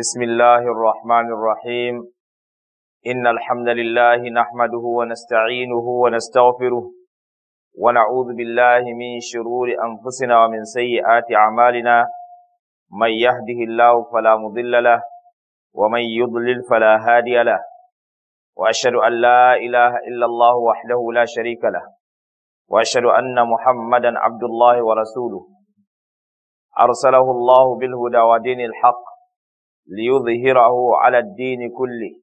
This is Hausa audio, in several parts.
بسم الله الرحمن الرحيم إن الحمد لله نحمده ونستعينه ونستغفره ونعوذ بالله من شرور أنفسنا ومن سيئات أعمالنا من يهده الله فلا مضل له ومن يضلل فلا هادي له وأشهد أن لا إله إلا الله وحده لا شريك له وأشهد أن محمدا عبد الله ورسوله أرسله الله بالهدى ودين الحق ليظهره على الدين كله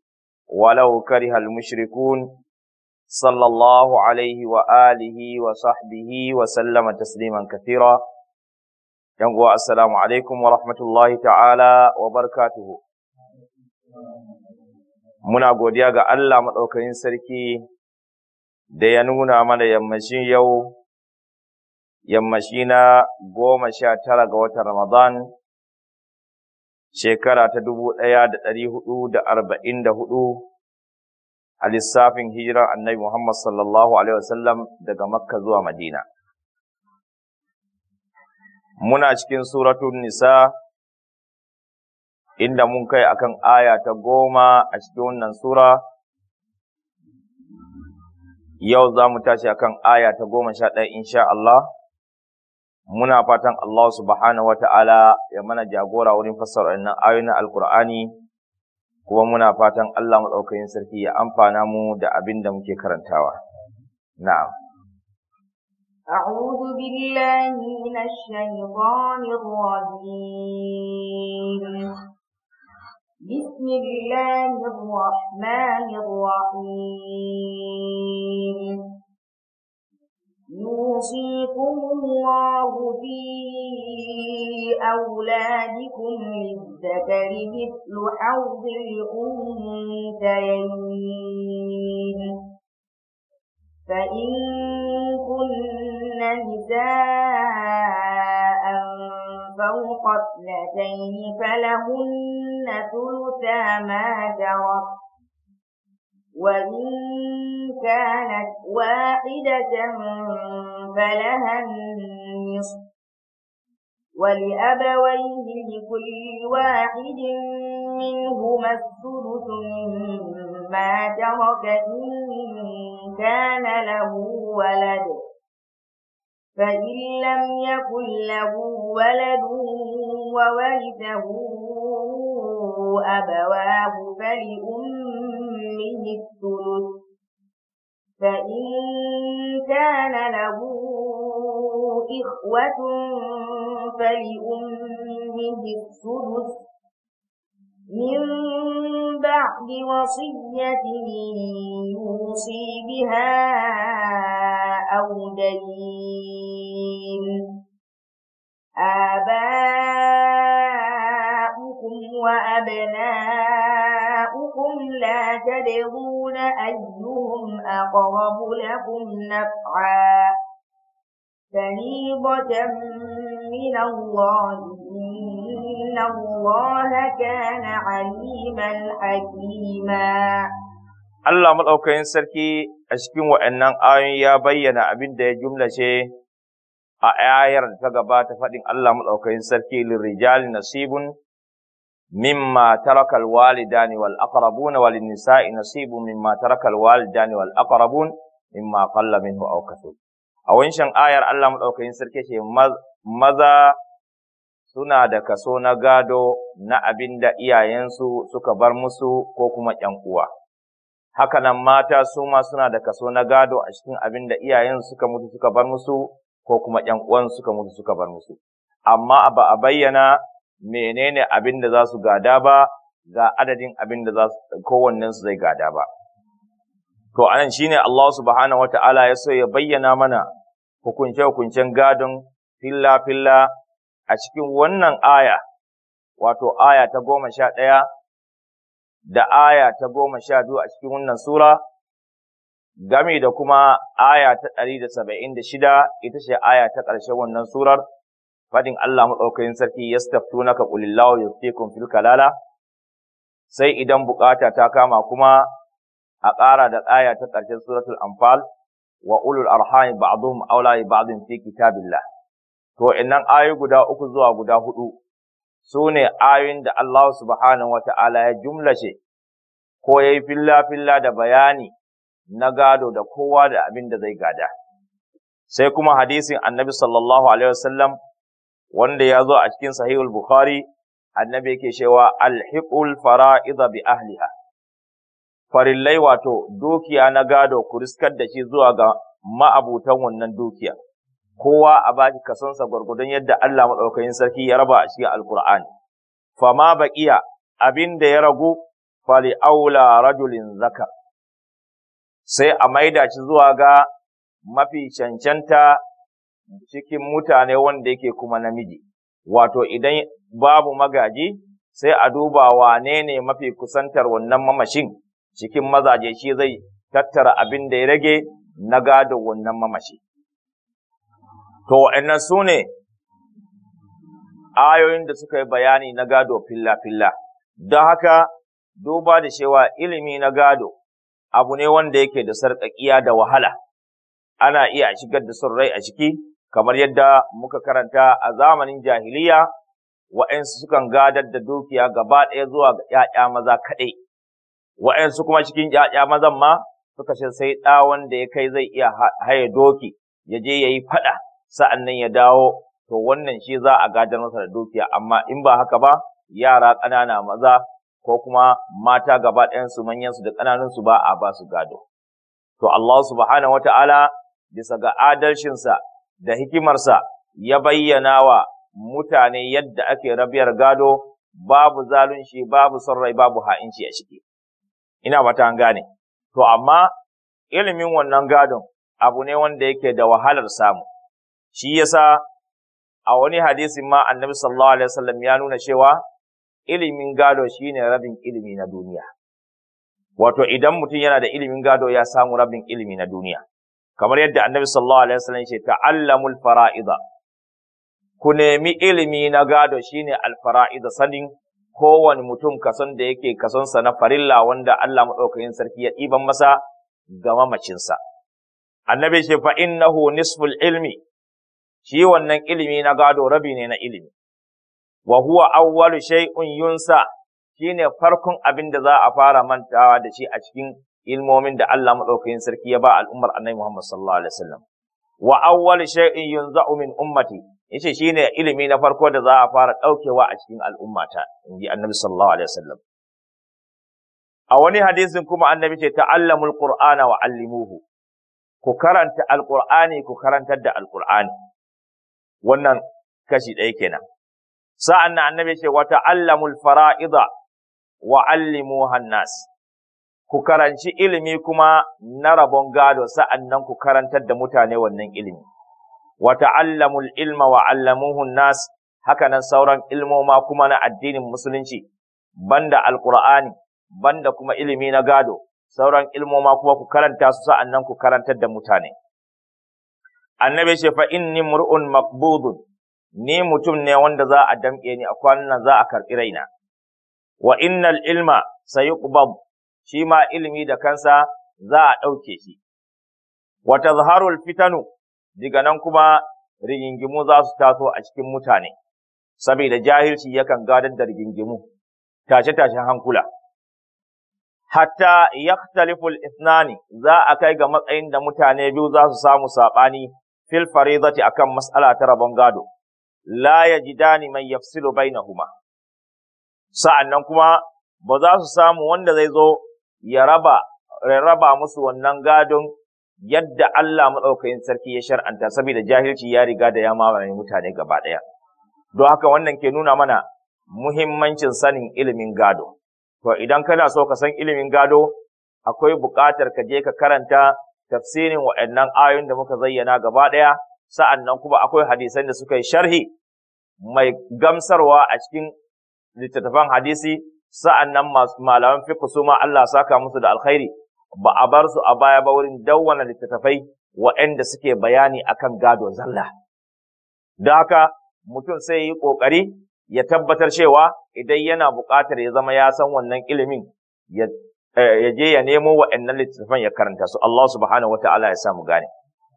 ولو كره المشركون صلى الله عليه وآله وصحبه وسلم تسليما كثيرا ينقوى السلام عليكم ورحمة الله تعالى وبركاته muna godiya ga Allah maɗaukakin sarki da ya nuna mana yammacin yau yammaci na goma sha tara ga watan Ramadan shekara ta dubu ɗaya da ɗari hudu da arba'in da hudu a lissafin hijira annabi Muhammad sallallahu Alaihi wasallam daga Makka zuwa Madina. Muna cikin suratun Nisa inda mun kai akan aya ta goma a cikin wannan sura, yau za mu tashi akan aya ta goma sha ɗaya insha Allah. muna fatan Allah subhanahu Ta'ala ya mana jagora wurin fassara wannan ayoyin alkur'ani kuma muna fatan Allah madaukakin sarki ya amfana mu da abin da muke karantawa na'am أعوذ بالله من الشيطان الرجيم بسم الله الرحمن يوصيكم الله في أولادكم للذكر مثل حوض الأنثيين فإن كن نساء فوق اثنتين فلهن ثلثا ما ترك وإن كانت واحدة فلها النصف ولأبويه لكل واحد منهما الثلث مما ترك إن كان له ولد فإن لم يكن له ولد وولده أبواه فلأمه كله الثلث فإن كان له إخوة فلأمه الثلث من بعد وصية يوصي بها أو دين آباؤكم وأبناؤكم أخلاقكم لا تدرون أيهم أقرب لكم نفعا فريضة من الله إن الله كان عليما حكيما Allah maɗaukakin sarki a cikin wa'annan ayoyin ya bayyana abin da ya jumlace a ayar da ta gabata faɗin Allah maɗaukakin sarki lirrijali nasibun mimma taraka alwalidani wal aqrabun wal nisa'i nasibu mimma taraka alwalidani wal aqrabun mimma qalla minhu aw kathur a wancan ayar Allah madaukakin sarki ce maza suna da kaso na gado na abinda da iyayensu suka bar musu ko kuma ƴan uwa hakanan mata su ma suna da kaso na gado a cikin abinda iyayen su suka mutu suka bar musu ko kuma ƴan uwan suka mutu suka bar musu amma ba a bayyana menene abin da za su gada ba ga adadin abin da za su kowannen su zai gada ba to anan shine Allah subhanahu wataala ya so ya bayyana mana hukunce hukuncen gadon filla filla a cikin wannan aya wato aya ta goma sha ɗaya da aya ta goma sha biyu a cikin wannan sura game da kuma aya ta ɗari da saba'in da shida ita ce aya ta ƙarshen wannan surar fadin Allah maɗaukakin sarki yastaftunaka qulillahu yuftikum fil kalala sai idan bukata ta kama kuma a ƙara da aya ta ƙarshen suratul anfal wa ulul arhami ba'dhum aula bi ba'dhin fi kitabillah to innan ayoyi guda uku zuwa guda hudu sune ayoyin da Allah subhanahu wata'ala ya jumlace ko yayi filla filla da bayani na gado da kowa da abin da zai gada sai kuma hadisin annabi sallallahu alaihi wasallam wanda ya zo a cikin sahihul bukhari annabi yake cewa alhiqul fara'iza bi ahliha farillai wato dukiya na gado ku riskar da shi zuwa ga ma'abutan wannan dukiya kowa a baki kasansa gwargwadon yadda Allah madaukakin sarki ya raba a cikin alkur'ani fama baqiya abin da ya ragu fali aula rajulin zakar sai a maida shi zuwa ga mafi cancanta cikin mutane wanda yake kuma namiji wato idan babu magaji sai a duba wane ne mafi kusantar wannan mamashin cikin mazaje shi zai tattara abin da ya rage na gadon wannan mamashi to wa'annan su ne ayoyin da suka yi bayani na gado filla-filla don haka duba da cewa ilimi na gado abu ne wanda yake da sarƙaƙiya da wahala ana iya shigar da son rai a ciki kamar yadda muka karanta a zamanin jahiliya wa'ansu sukan gadar da dukiya gaba ɗaya zuwa ga ƴaƴa maza kaɗai wa'ansu kuma cikin ‘ya'ya mazan ma suka ce sai ɗa wanda ya kai zai iya haye doki ya je ya yi faɗa sa'an nan ya dawo to wannan shi za a gadar masa da dukiya amma in ba haka ba yara ƙanana maza ko kuma mata gaba ɗayansu manyansu da ƙananunsu ba a ba su gado to Allah subhanahu wata'ala bisa ga adalcinsa da hikimarsa ya bayyana wa mutane yadda ake rabiyar gado babu zalunci babu son rai babu ha'inci a ciki ina bata an gane to amma ilimin wannan gadon abu ne wanda yake da wahalar samu shi yasa a wani hadisin ma annabi sallallahu alaihi wasallam ya nuna cewa ilimin gado shine rabin ilimi na duniya wato idan mutum yana da ilimin gado ya samu rabin ilimi na duniya kamar yadda annabi sallallahu alaihi wasallam ce ta'allamul faraiza ku nemi ilimi na gado shine alfara'iza sanin kowane mutum kason da yake kasonsa na farilla wanda Allah maɗaukakin sarki ya ɗiban masa ga mamacinsa. Annabi ce fa innahu nisful ilmi shi wannan ilimi na gado rabi ne na ilimi. Wa huwa awwalu shay'un yunsa shine farkon abin da za a fara mantawa da shi a cikin ilmomin da Allah madaukakin sarki ya ba al'ummar Annabi Muhammad sallallahu alaihi wasallam wa awwal shay'in yunza'u min ummati yace shine ilimi na farko da za a fara daukewa a cikin al'ummata inji Annabi sallallahu alaihi wasallam a wani hadisin kuma Annabi ce ta'allamul qur'ana wa 'allimuhu ku karanta alqur'ani ku karantar da alqur'ani wannan kashi ɗaya kenan sa'an nan annabi ce wa ta'allamul fara'ida wa allimuha nas ku karanci ilimi kuma na rabon gado sa'annan ku karantar da mutane wannan ilimi wata ta'allamul ilma wa 'allamuhun nas hakanan sauran ilmoma kuma na addinin musulunci banda alqur'ani banda kuma ilimi na gado sauran ilmoma kuma ku karanta su sa'annan ku karantar da mutane annabi ce fa inni mur'un maqbudun ni mutum ne wanda za a damƙe ni a kwanan za a karɓi raina wa innal ilma sayuqbad shi ma ilimi da kansa za a ɗauke shi. Wata zaharul fitanu, diga nan kuma rigingimu za su taso a cikin mutane, saboda jahilci yakan gadar da rigingimu, tashe-tashen hankula. Hatta yaktaliful isnani za a kai ga matsayin da mutane biyu za su samu saɓani fil a akan matsala ta rabon gado. La ya yajidani mai yafsilu bainahuma. Sa'an nan kuma ba za su samu wanda zai zo ya raba raba musu wannan gadon yadda Allah madaukakin sarki ya shar'anta saboda jahilci ya riga da ya mamaye mutane gaba ɗaya. Don haka wannan ke nuna mana muhimmancin sanin ilimin gado. To idan kana so ka san ilimin gado, akwai buƙatar ka je ka karanta tafsirin waɗannan ayoyin da muka zayyana gaba ɗaya, sa'annan kuma akwai hadisan da suka yi sharhi mai gamsarwa a cikin littattafan hadisi sa'annan malaman fiqh su ma Allah saka musu da alkhairi ba a bar su a baya ba wurin dawwana littattafai waɗanda suke bayani a kan gado zalla da haka mutum sai yi ƙoƙari ya tabbatar cewa idan yana buƙatar ya zama ya san wannan ilimin ya eh, je ya nemo waɗannan littattafan ya karanta su Allah subhanahu Ta'ala ya samu gane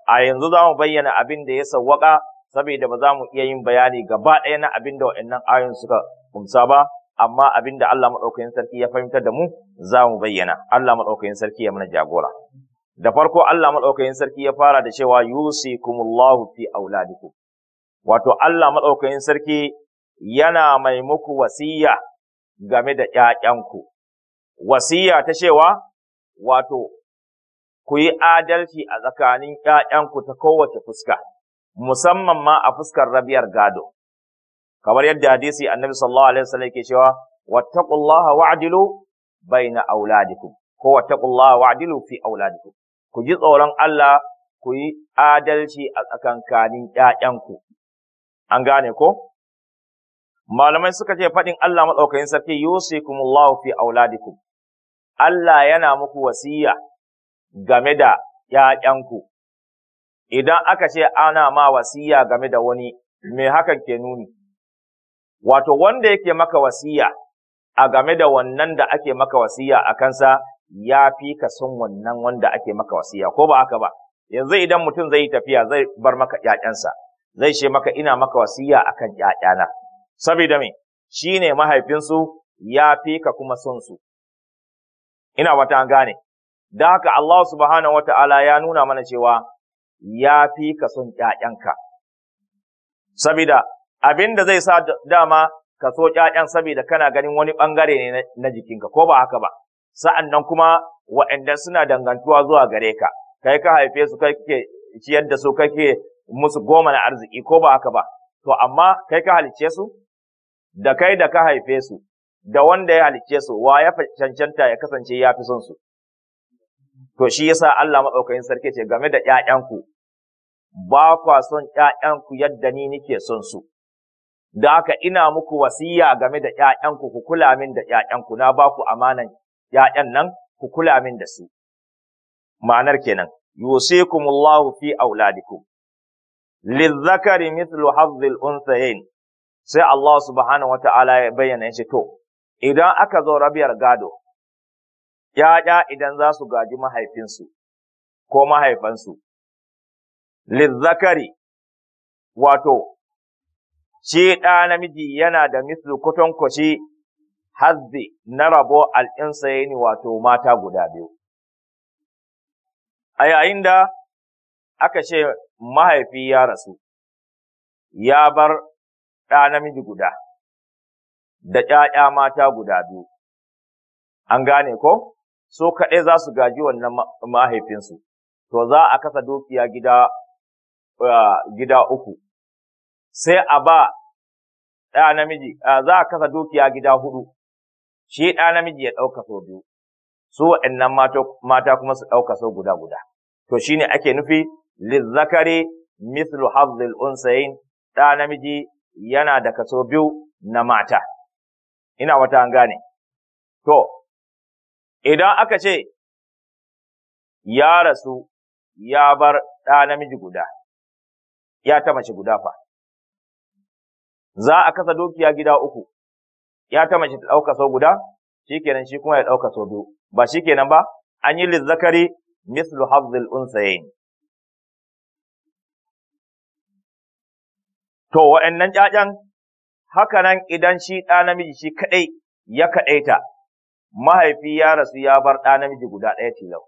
a yanzu za mu bayyana abin da ya sawwaka saboda ba za mu iya yin bayani gaba ɗaya na abin da waɗannan ayoyin suka kumsa ba amma abin da Allah maɗaukakin sarki ya fahimtar da mu za mu bayyana Allah maɗaukakin sarki ya mana jagora da farko Allah maɗaukakin sarki ya fara da cewa yusikumullahu fi auladikum wato Allah maɗaukakin sarki yana mai muku wasiya game da ƴaƴanku wasiya ta cewa wato ku yi adalci a tsakanin ƴaƴanku ta kowace fuska musamman ma a fuskar rabiyar gado kamar yadda hadisi annabi sallallahu alaihi wasallam yake cewa wattaqullaha wa'dilu baina auladikum ko wattaqullaha wa'dilu fi auladikum ku ji tsoron Allah ku yi adalci a tsakankanin ƴaƴanku an gane ko malamai suka ce faɗin Allah maɗaukakin sarki yusikumullahu fi auladikum Allah yana muku wasiya game da ƴaƴanku idan aka ce ana ma wasiya game da wani me hakan ke nuni wato wanda yake maka wasiya a game da wannan da ake maka wasiya a kansa ya fi ka son wannan wanda ake maka wasiya ko ba haka ba yanzu idan mutum zai yi tafiya zai bar maka ƴaƴansa zai ce maka ina maka wasiya akan ƴaƴana saboda me ne mahaifinsu ya fi ka kuma son su ina wata an gane da haka Allah subhanahu wata'ala ya nuna mana cewa ya fi ka son ƴaƴanka saboda abin da zai sa dama ka so ƴaƴan saboda kana ganin wani ɓangare ne na jikinka ko ba haka ba sa'an nan kuma waɗanda suna dangantuwa zuwa gare ka kai ka haife su kai kake ciyar da su kake musu goma na arziki ko ba haka ba to amma kai ka halice su da kai da ka haife su da wanda ya halice su wa ya cancanta ya kasance ya fi son su to shi yasa Allah maɗaukakin sarki ce game da ƴaƴanku ba kwa son ƴaƴanku yadda ni nike son su da haka ina muku wasiya game da ‘ya'yanku ku kula min da ‘ya'yanku na ba ku amanan ‘ya'yan nan ku kula min da su. Ma'anar kenan, yusikumullahu fi auladikum lizzakari mithlu hazzil unsayin sai Allah subhanahu wa ta'ala ya bayyana shi to idan aka zo rabiyar gado ‘ya'ya idan za su gaji mahaifinsu ko mahaifansu lizzakari wato shi ɗa namiji yana da mislu kwatankwashi hazzi na rabo al'insayeni wato mata guda biyu. A yayin da aka ce mahaifi ya rasu, ya bar ɗa namiji guda, da ‘ya'ya mata guda biyu, an gane ko? So kaɗai za su gaji wannan mahaifinsu, to za a kasa dukiya gida, uh, gida uku. sai a ba ɗa namiji za a kasa dukiya gida hudu shi ɗa namiji ya ɗauka sau biyu su waɗannan mata kuma su ɗauka sau guda guda to shine ake nufi lizzakari mislu hazzil unsayin ɗa namiji yana da kaso biyu na mata ina wata an gane to idan aka ce ya rasu ya bar ɗa namiji guda ya ta mace guda fa za a kasa dukiya gida uku ya ta mace ta ɗauka sau guda shikenan shi kuma ya ɗauka sau biyu ba shikenan ba an yi lizzakari mislu hazzil unsayin to wa'annan ƴaƴan haka nan idan shi ɗa namiji shi kaɗai ya kaɗaita mahaifi ya rasu ya bar ɗa namiji guda ɗaya tilau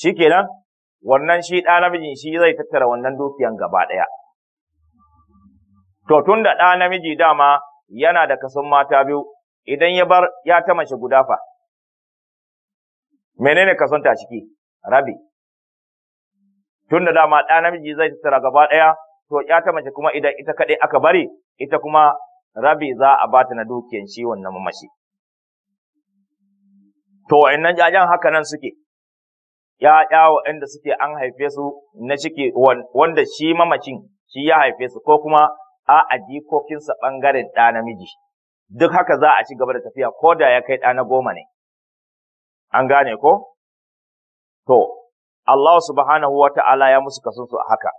shikenan wannan shi ɗa namijin shi zai tattara wannan dukiyan gaba ɗaya To tun da ɗa namiji dama yana da kasan mata biyu, idan ya bar ya ta mace guda fa. Menene kason ta ciki? Rabi. Tun da dama ɗa namiji zai tattara gaba ɗaya, to ya ta mace kuma idan ita kaɗai aka bari, ita kuma rabi za a bata na dukiyan shi wannan mamashi. To wa'annan jajan haka nan suke, Ya ‘ya'ya waɗanda suke an haife su na ciki wanda shi mamacin shi ya haife su ko kuma a'a jikokinsa ɓangaren ɗa namiji duk haka za a ci gaba da tafiya ko da ya kai ɗa na goma ne an gane ko to Allah subhanahu wa ta'ala ya musu kasunsu a haka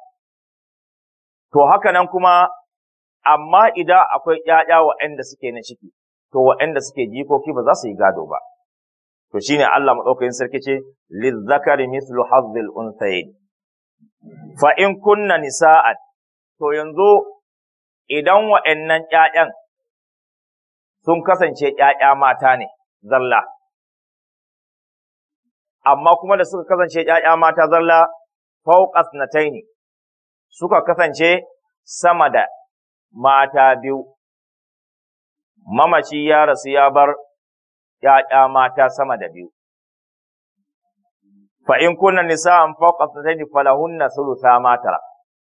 to haka nan kuma amma idan akwai ƴaƴa waɗanda suke na ciki to waɗanda suke jikoki ba za su yi gado ba to shine Allah madaukakin sarki ce lizzakari mithlu hazzil unsayin fa in kunna nisa'at to yanzu idan wa'annan ‘ya'yan sun kasance ‘ya'ya mata ne, zalla, amma kuma da suka kasance ‘ya'ya mata zalla, fauqas na suka kasance sama da mata biyu, mamaci ya rasu ya bar ‘ya'ya mata sama da biyu. Fa in kunna nisa'an fauqas na taini falahunna sulusa matara,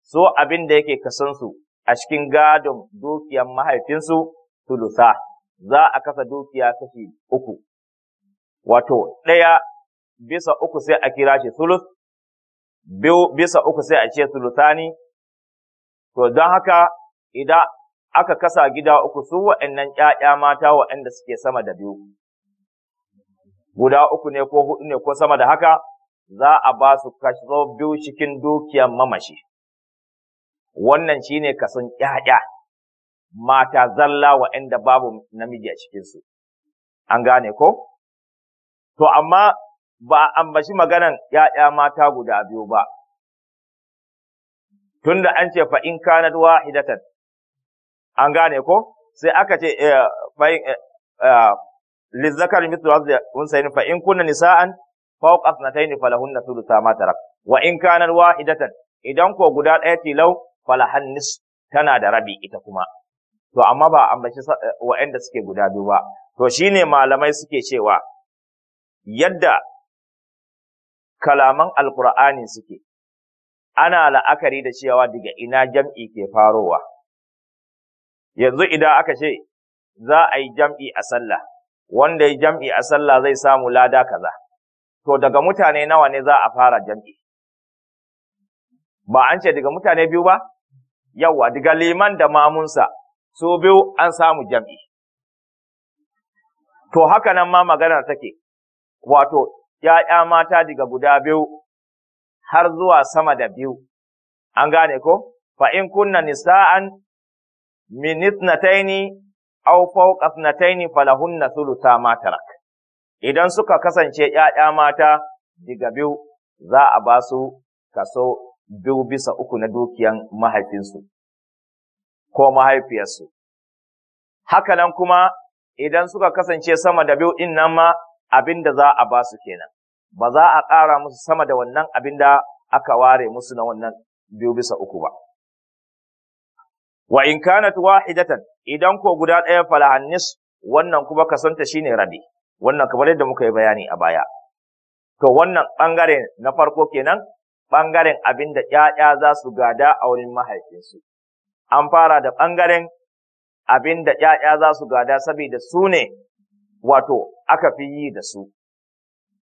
so abin da yake kasansu a cikin gadon dukiyar mahaifinsu tulusa za a kasa dukiya kashi uku wato ɗaya bisa uku sai a kira shi tulus biyu bisa uku sai a ce ne to don haka idan aka kasa gida uku su wa'annan ‘ya'ya mata wa'anda suke sama da biyu guda uku ne ko hudu ne ko sama da haka za a ba su kaso biyu cikin dukiyar mamashi wannan shine kasan ƴaƴa mata zalla inda babu namiji a cikinsu an gane ko to amma ba a bashi maganan ƴaƴa mata guda biyu ba tunda an ce fa in kanat wahidatan an gane ko sai aka ce eh, eh, eh, lizzakar mithlu hadhi unsayn fa in kunna nisaan fawqa ithnatayn falahunna thulutha ma tarak wa in kanat wahidatan idan ko guda ɗaya tilau falahan nis tana da rabi ita kuma to amma ba ambaci eh, waɗanda suke guda biyu ba to shine malamai suke cewa yadda kalaman alqur'ani suke ana la'akari da cewa daga ina jam'i ke farowa yanzu idan aka ce za a yi jam'i a sallah wanda ya jam'i a sallah zai samu lada kaza to daga mutane nawa ne za a fara jam'i ba an ce daga mutane biyu ba yawa daga liman da mamunsa su biyu an samu jam'i to haka nan ma maganar take wato ‘ya'ya mata daga guda biyu har zuwa sama da biyu an gane ko fa in kunna nisa'an min ithnataini aw fawqa ithnataini falahunna thuluthu ma tarak idan suka kasance ‘ya'ya mata daga biyu za a ba su kaso biyu bisa uku na dukiyan mahaifinsu ko mahaifiyarsu. hakanan kuma idan suka kasance sama da biyu ɗin nan ma abin da za a ba su kenan, ba za a ƙara musu sama da wannan abin da aka ware musu na wannan biyu bisa uku ba. Wa in kanat wahidatan idan ko guda ɗaya falahannis wannan kuma kasanta shine rabi, wannan kamar yadda muka yi bayani a baya. To wannan ɓangare na farko kenan ɓangaren abin da ‘ya'ya za su gada a wurin mahaifinsu. An fara da ɓangaren abin da ‘ya'ya za su gada saboda su ne wato aka fi yi da su.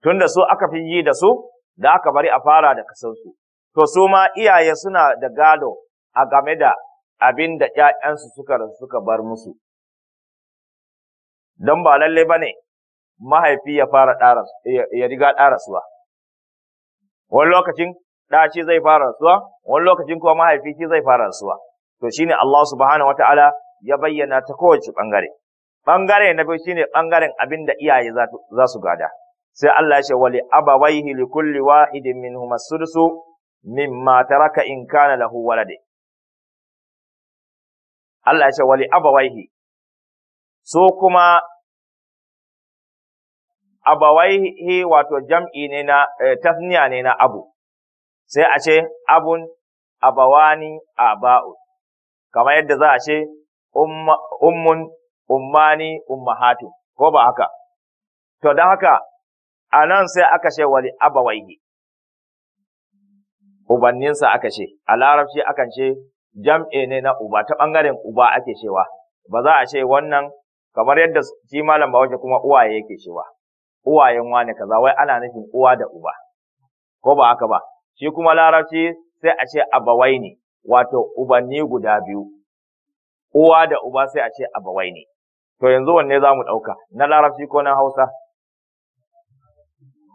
Tun da su aka fi yi da su, da aka bari a fara da kasansu. To su ma iyaye suna da gado a game da abin da ‘ya'yansu suka suka bar musu. Don ba lalle ba ne mahaifi ya fara ɗara, ya riga ba. Wani lokacin da shi zai fara rasuwa wani lokacin kuma mahaifi shi zai fara rasuwa to shine Allah subhanahu wataala ya bayyana ta kowace bangare bangare na biyu shine bangaren abin da iyaye za su gada sai Allah ya ce wali abawaihi li kulli wahidin minhum as-sudusu mimma taraka in kana lahu walade Allah ya ce wali abawaihi so kuma abawaihi wato jam'i ne na eh, tasniya ne na abu sai a ce abun abawani aba'u kamar yadda za a ce ummun ummani ummahatu ko ba haka to don haka a nan sai aka ce wali abawaihi ubanninsa aka ce a larabci akan ce jam'e ne na uba ta ɓangaren uba ake cewa ba za a ce wannan kamar yadda shi malam bawaje kuma uwaye yake cewa uwayen wane kaza wai ana nufin uwa da uba ko ba haka ba shi kuma larabci sai a ce abawaini ne wato ubanni guda biyu uwa da uba sai a ce abawaini ne to yanzu wanne zamu dauka ɗauka na larabci ko na hausa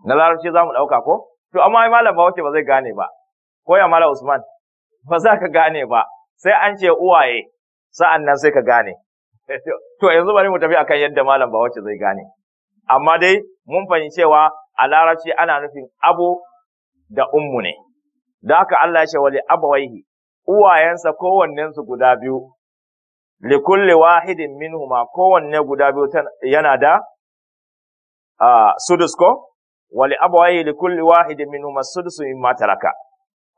na larabci zamu dauka ɗauka ko to amma ai malam ba wace ba zai gane ba ko ya malam usman ba za ka gane ba sai an ce uwaye sa'an nan sai ka gane to yanzu bari mu tafi akan yadda malam ba wace zai gane amma dai mun fahimci cewa a larabci ana nufin abu da ummu ne da haka Allah ya ce wali abawaihi uwayensa kowannensu guda biyu li kulli wahidin minhuma kowanne guda biyu yana da uh, sudus ko wali abawaihi li kulli wahidin minhuma sudusu mimma taraka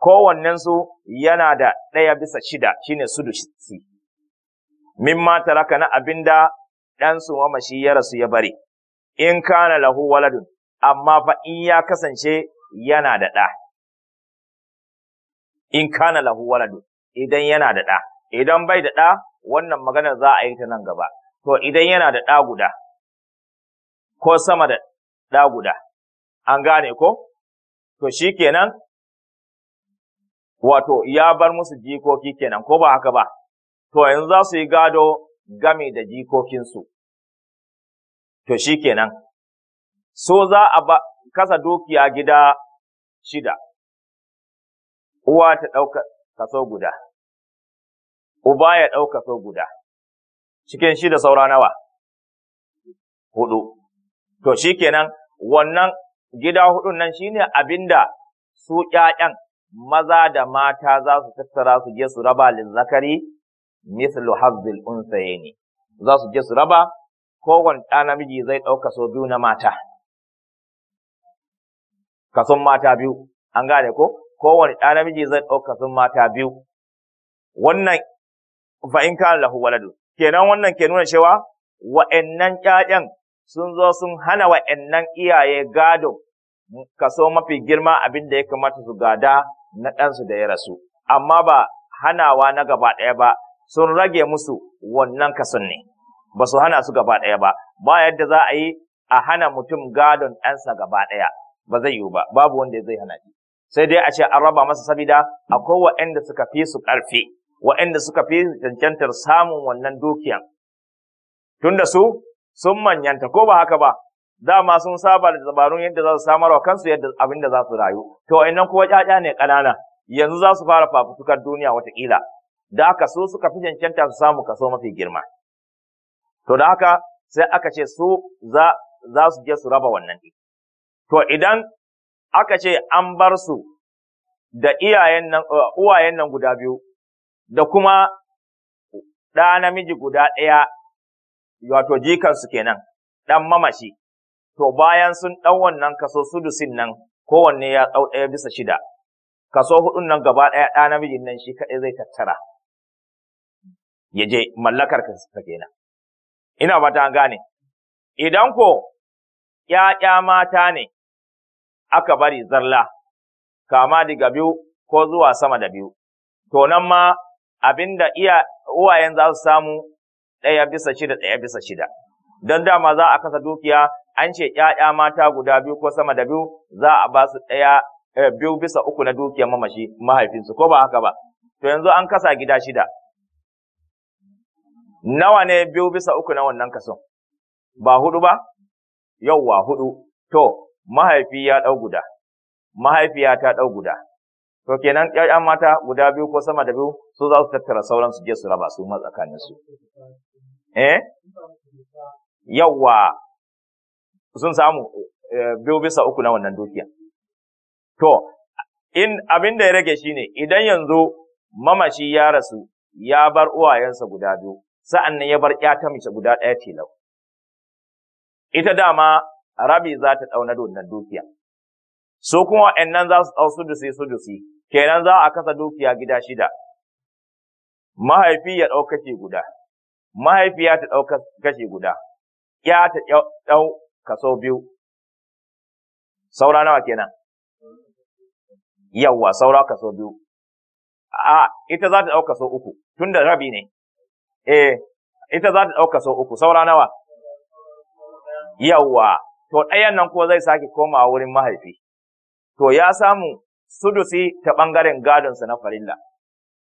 kowannensu yana da ɗaya bisa shida shine sudusi mimma taraka na abinda ɗansu mamashi ya rasu ya bari in kana lahu waladun amma fa in ya kasance yana da ɗa in kana lahu waladu idan yana da ɗa idan bai da ɗa wannan maganar za a yi ta nan gaba to idan yana da ɗa guda ko sama da ɗa guda an gane ko to shi kenan wato ya bar musu jikoki kenan ko ba haka ba to yanzu za su yi gado game da jikokinsu to shi kenan so za a ba kasa dukiya gida shida, uwa ta ɗauka kaso guda, uba ya ɗauka kaso guda, cikin shida saura nawa? Hudu. To shi kenan wannan gida hudun nan shine abinda su ƴaƴan maza da mata za su tattara su je su raba lil zakari mithlu hazzil unsayni za su je su raba kowane ɗa namiji zai ɗauka so biyu na mata kason mata biyu an gane ko kowane ɗa namiji zai ɗauka kason mata biyu wannan fa in kana lahu waladu kenan wannan ke nuna cewa wa'annan ƴaƴan sun zo sun hana wa'annan iyaye gado kaso mafi girma abin da ya kamata su gada na ɗansu da ya rasu amma ba hanawa na gaba ɗaya ba sun rage musu wannan kason ne ba su hana su gaba ɗaya ba ba yadda za a yi a hana mutum gadon ɗansa gaba ɗaya ba zai yiwu ba babu wanda zai hana shi sai dai a ce an raba masa sabida akwai waɗanda suka fi su ƙarfi waɗanda suka fi cancantar samun wannan dukiyan tunda su sun manyanta ko ba haka ba dama sun saba da dabarun yadda za su samar wa kansu yadda abin da za su rayu to wa'annan kuma ƴaƴa ne ƙanana yanzu za su fara fafutukar duniya watakila da haka so suka fi cancanta su samu kaso mafi girma to da haka sai aka ce su za su je su raba wannan To idan aka ce an bar su da iyayen nan uh, uwayen nan guda biyu da kuma ɗa namiji guda ɗaya wato jikansu kenan ɗan mamashi to bayan sun ɗan wannan kaso sudusin nan kowanne ya ɗau ɗaya bisa shida kaso huɗun nan gaba ɗaya ɗa namijin nan shi kaɗai zai tattara ya je mallakar ka kenan ina bata ta gane idan ko ƴaƴa mata ne aka bari zalla kama daga biyu ko zuwa sama da biyu to nan ma abinda iya uwayen za su samu ɗaya bisa shida ɗaya bisa shida don dama za a kasa dukiya an ce ‘ya'ya mata guda biyu ko sama da biyu za a ba su ɗaya eh, biyu bisa uku na dukiyar mamashi mahaifinsu ko ba haka ba to yanzu an kasa gida shida nawa ne biyu bisa uku na wannan kason ba hudu ba yauwa hudu to mahaifi ya ɗau guda mahaifiya ta ɗau guda to kenan ƴaƴan mata guda biyu ko sama da biyu su za su tattara sauran su je su raba su ma tsakanin su eh sun samu eh, biyu bisa uku na wannan dukiya to in abin da ya rage shi ne, idan yanzu mamashi ya rasu ya bar uwayensa guda biyu sa'an nan ya bar ƴa ta mace guda ɗaya tilau ita dama rabi za ta ɗauna wannan dukiya su kuma nan za su ɗau sudusi sudusi kenan za a kasa dukiya gida shida mahaifi ya ɗau kashi guda mahaifiya ta ɗau kashi guda ya ta ɗau kaso biyu saura nawa kenan yawwa saura kaso biyu a ita za ta ɗau kaso uku tun da rabi ne eh ita za ta ɗau kaso uku saura nawa yawwa to ɗayan nan kuwa zai sake koma wurin mahaifi to ya samu sudusi ta ɓangaren gadonsa na farilla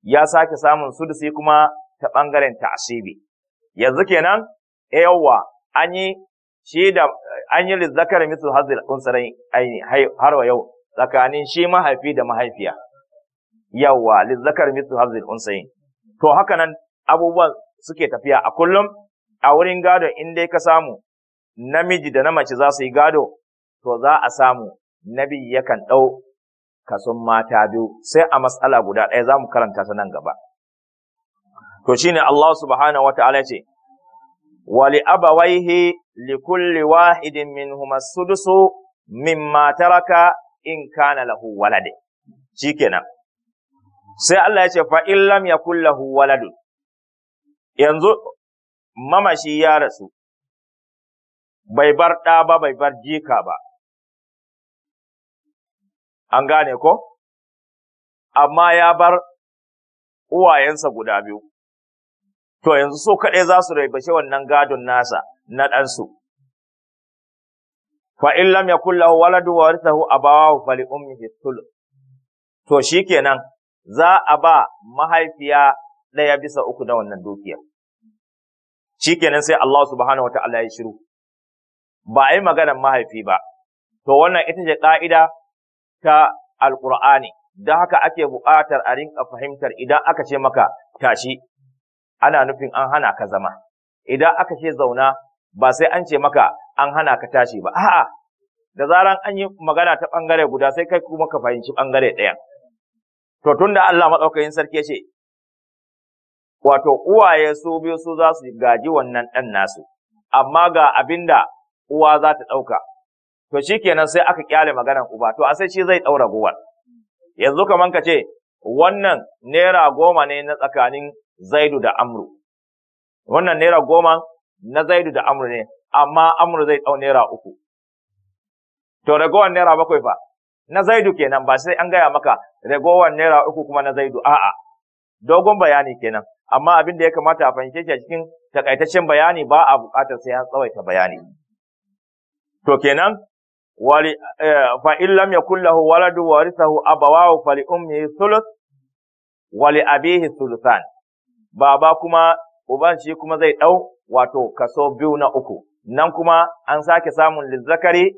ya sake samun sudusi kuma ta ɓangaren ta'asibi yanzu kenan eh, yawwa an yi shi da an yi lizzakar hazil kunsarai har wa yau tsakanin shi mahaifi da mahaifiya yawwa lizzakar misu hazil kunsarai to haka nan abubuwan suke tafiya a kullum a wurin gadon inda ka samu namiji da na mace za su yi gado to za a samu nabi yakan ɗau kasun mata biyu sai a matsala guda ɗaya za mu karanta ta nan gaba to shi ne Allah subhanahu wa ta'ala ce wali abawaihi li kulli wahidin minhuma sudusu min mataraka in kana lahu walade shi kenan. sai Allah ya ce Fa’in lam ya lahu waladun yanzu mamashi ya rasu bai bar ɗa ba bai bar jika ba an gane ko amma ya bar uwayensa guda biyu to yanzu so kaɗai za su raibashe wannan gadon nasa na ɗansu fa in lam yakul lahu waladu wa warithahu abawahu fali ummihi thuluth to shikenan za a ba mahaifiya ɗaya bisa uku na wannan dukiya shikenan sai Allah subhanahu ta'ala ya shiru ba a yi maganar mahaifi ba to wannan ita ce ƙa'ida ta alƙur'ani don haka ake buƙatar a rinka fahimtar idan aka ce maka tashi ana nufin an hana ka zama idan aka ce zauna ba sai an ce maka an hana ka tashi ba a'a da zarar an yi magana ta ɓangare guda sai kai kuma ka fahimci ɓangare ɗaya to tun da Allah maɗaukakin sarki ya ce wato uwaye su biyu su za su gaji wannan ɗan nasu amma ga abinda uwa za ta ɗauka. To shi kenan sai aka ƙyale maganan uba, to a sai shi zai ɗaura gowar. Yanzu kamar ka ce, wannan naira goma ne na tsakanin Zaidu da Amru. Wannan naira goma na Zaidu da Amru ne, amma Amru zai ɗau naira uku. To ragowar naira bakwai fa, na Zaidu kenan ba sai an gaya maka ragowar naira uku kuma na Zaidu, a'a. Dogon bayani kenan, amma abin da ya kamata a fahimce shi a cikin takaitaccen bayani ba a buƙatar sai an tsawaita bayani. to kenan wali eh, fa in lam yakul lahu waladu warithahu abawahu fali ummihi thuluth wali abihi thuluthan baba kuma uban shi kuma zai dau wato kaso biyu na uku nan kuma an sake samun lizzakari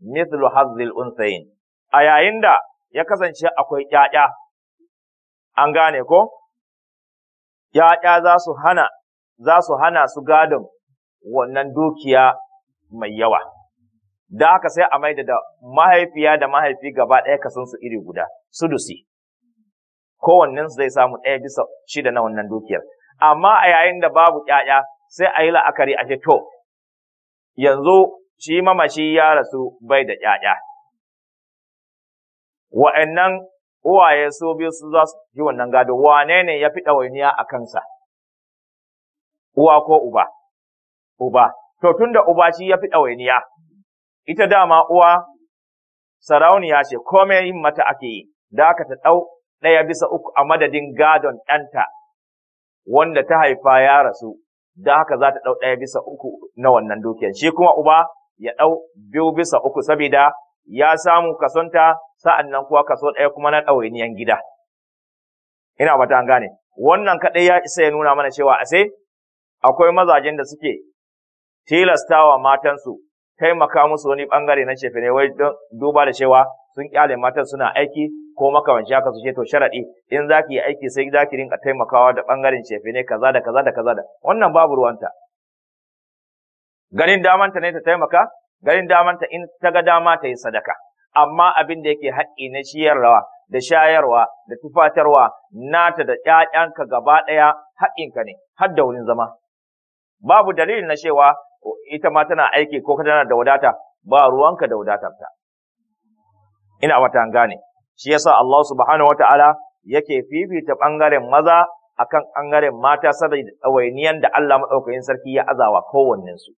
mithlu hazzil unsayin a yayin da ya kasance akwai ƴaƴa an gane ko ƴaƴa za su hana za su hana su gadon wannan dukiya mai yawa Da haka sai a maida da mahaifiya da mahaifi gaba ɗaya kasan su iri guda sudusi kowannen zai samu ɗaya bisa shida na wannan dukiyar amma a yayin da babu ƴaƴa sai a yi la'akari a to yanzu shi mamashi ya rasu bai da ƴaƴa wa'annan uwaye su biyu su za su ji wannan gado wane ne ya fi ɗawainiya a kansa uwa ko uba uba to tunda uba shi ya fi ɗawainiya ita dama uwa sarauniya ce komai yin mata ake yi da aka ta ɗau ɗaya bisa uku a madadin gadon ɗanta wanda ta haifa ya rasu da haka za ta ɗau ɗaya bisa uku na wannan dukiyar shi kuma uba ya ɗau biyu bisa uku saboda ya samu kasonta sa'an nan kuwa kaso ɗaya kuma na ɗawainiyan gida ina ba an gane wannan kaɗai ya isa ya nuna mana cewa a sai akwai mazajen da suke tilastawa matansu taimaka musu wani bangare na cefe ne wai don duba da cewa sun kyale matan suna aiki ko makamanci haka su ce to sharaɗi, in za ki yi aiki sai za ki rinka taimakawa da bangaren cefe ne kaza da kaza da kaza wannan babu ruwanta ganin damanta ne ta taimaka ganin damanta in ta ga dama ta yi sadaka amma abin da yake haƙƙi na ciyarwa da shayarwa da tufatarwa nata da ƴaƴanka gaba ɗaya haƙƙinka ne har da wurin zama babu dalilin na cewa ita ma tana aiki ko ka tana da wadata ba ruwanka da wadatar ta. ina wata gane shi yasa Allah subhanahu wataala yake fifita bangaren maza akan bangaren mata saboda ɗawainiyan da Allah madaukakin sarki ya azawa kowannen su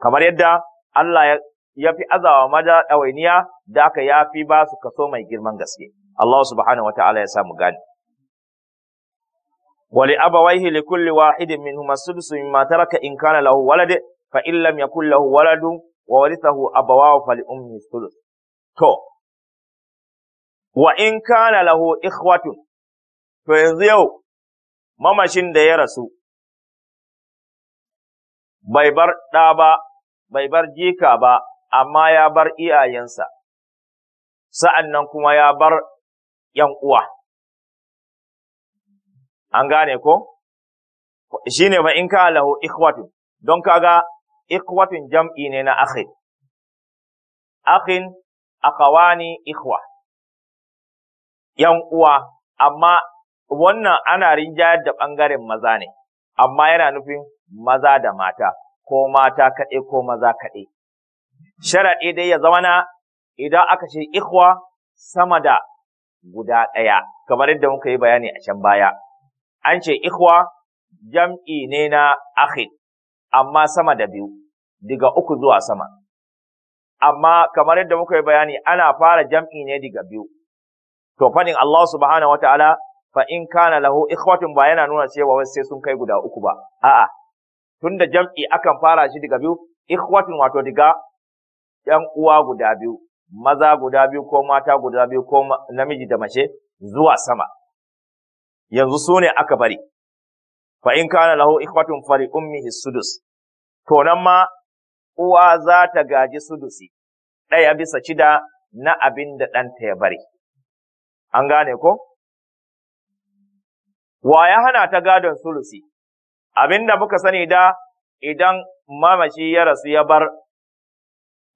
kamar yadda Allah ya fi azawa maza ɗawainiya da aka ya fi ba su kaso mai girman gaske Allah subhanahu wataala ya mu gane wali abawaihi li kulli wahidin min huma sudusu mimma taraka in kana lahu walad fa illam yakul lahu waladun wa warithahu abawahu fali ummi sudus to wa in kana lahu ikhwatun to yanzu yau mama da ya rasu bai bar da ba bai bar jika ba amma ya bar iyayensa sa'annan kuma ya bar yan uwa an gane ko Shi ne ba in ka lahu Ikwatun? don kaga Ikwatun jam'i ne na akhi akhin akawani Ikwa. yan uwa amma wannan ana rinjayar da ɓangaren maza ne amma yana nufin maza da mata ko mata kaɗai ko maza kaɗai Sharaɗe dai ya zama na idan aka ce Ikwa sama da guda ɗaya kamar yadda muka yi bayani a can baya an ce ikhwa jam'i ne na akhid amma sama da biyu diga uku zuwa sama amma kamar yadda muka yi bayani ana fara jam'i ne diga biyu to fadin Allah subhanahu wataala fa in kana lahu ikhwatun ba yana nuna cewa wai sai sun kai guda uku ba a'a tunda jam'i akan fara shi diga biyu ikhwatun wato diga yan uwa guda biyu maza guda biyu ko mata guda biyu ko namiji da mace zuwa sama yanzu su ne aka bari fa in kana lahu ikhwatun fali ummihi sudus to nan ma uwa za ta gaji sudusi ɗaya bisa shida na abin da ɗanta ya bari an gane ko wa ya hana ta gadon sulusi abin da muka sani da idan mamaci ya rasu ya bar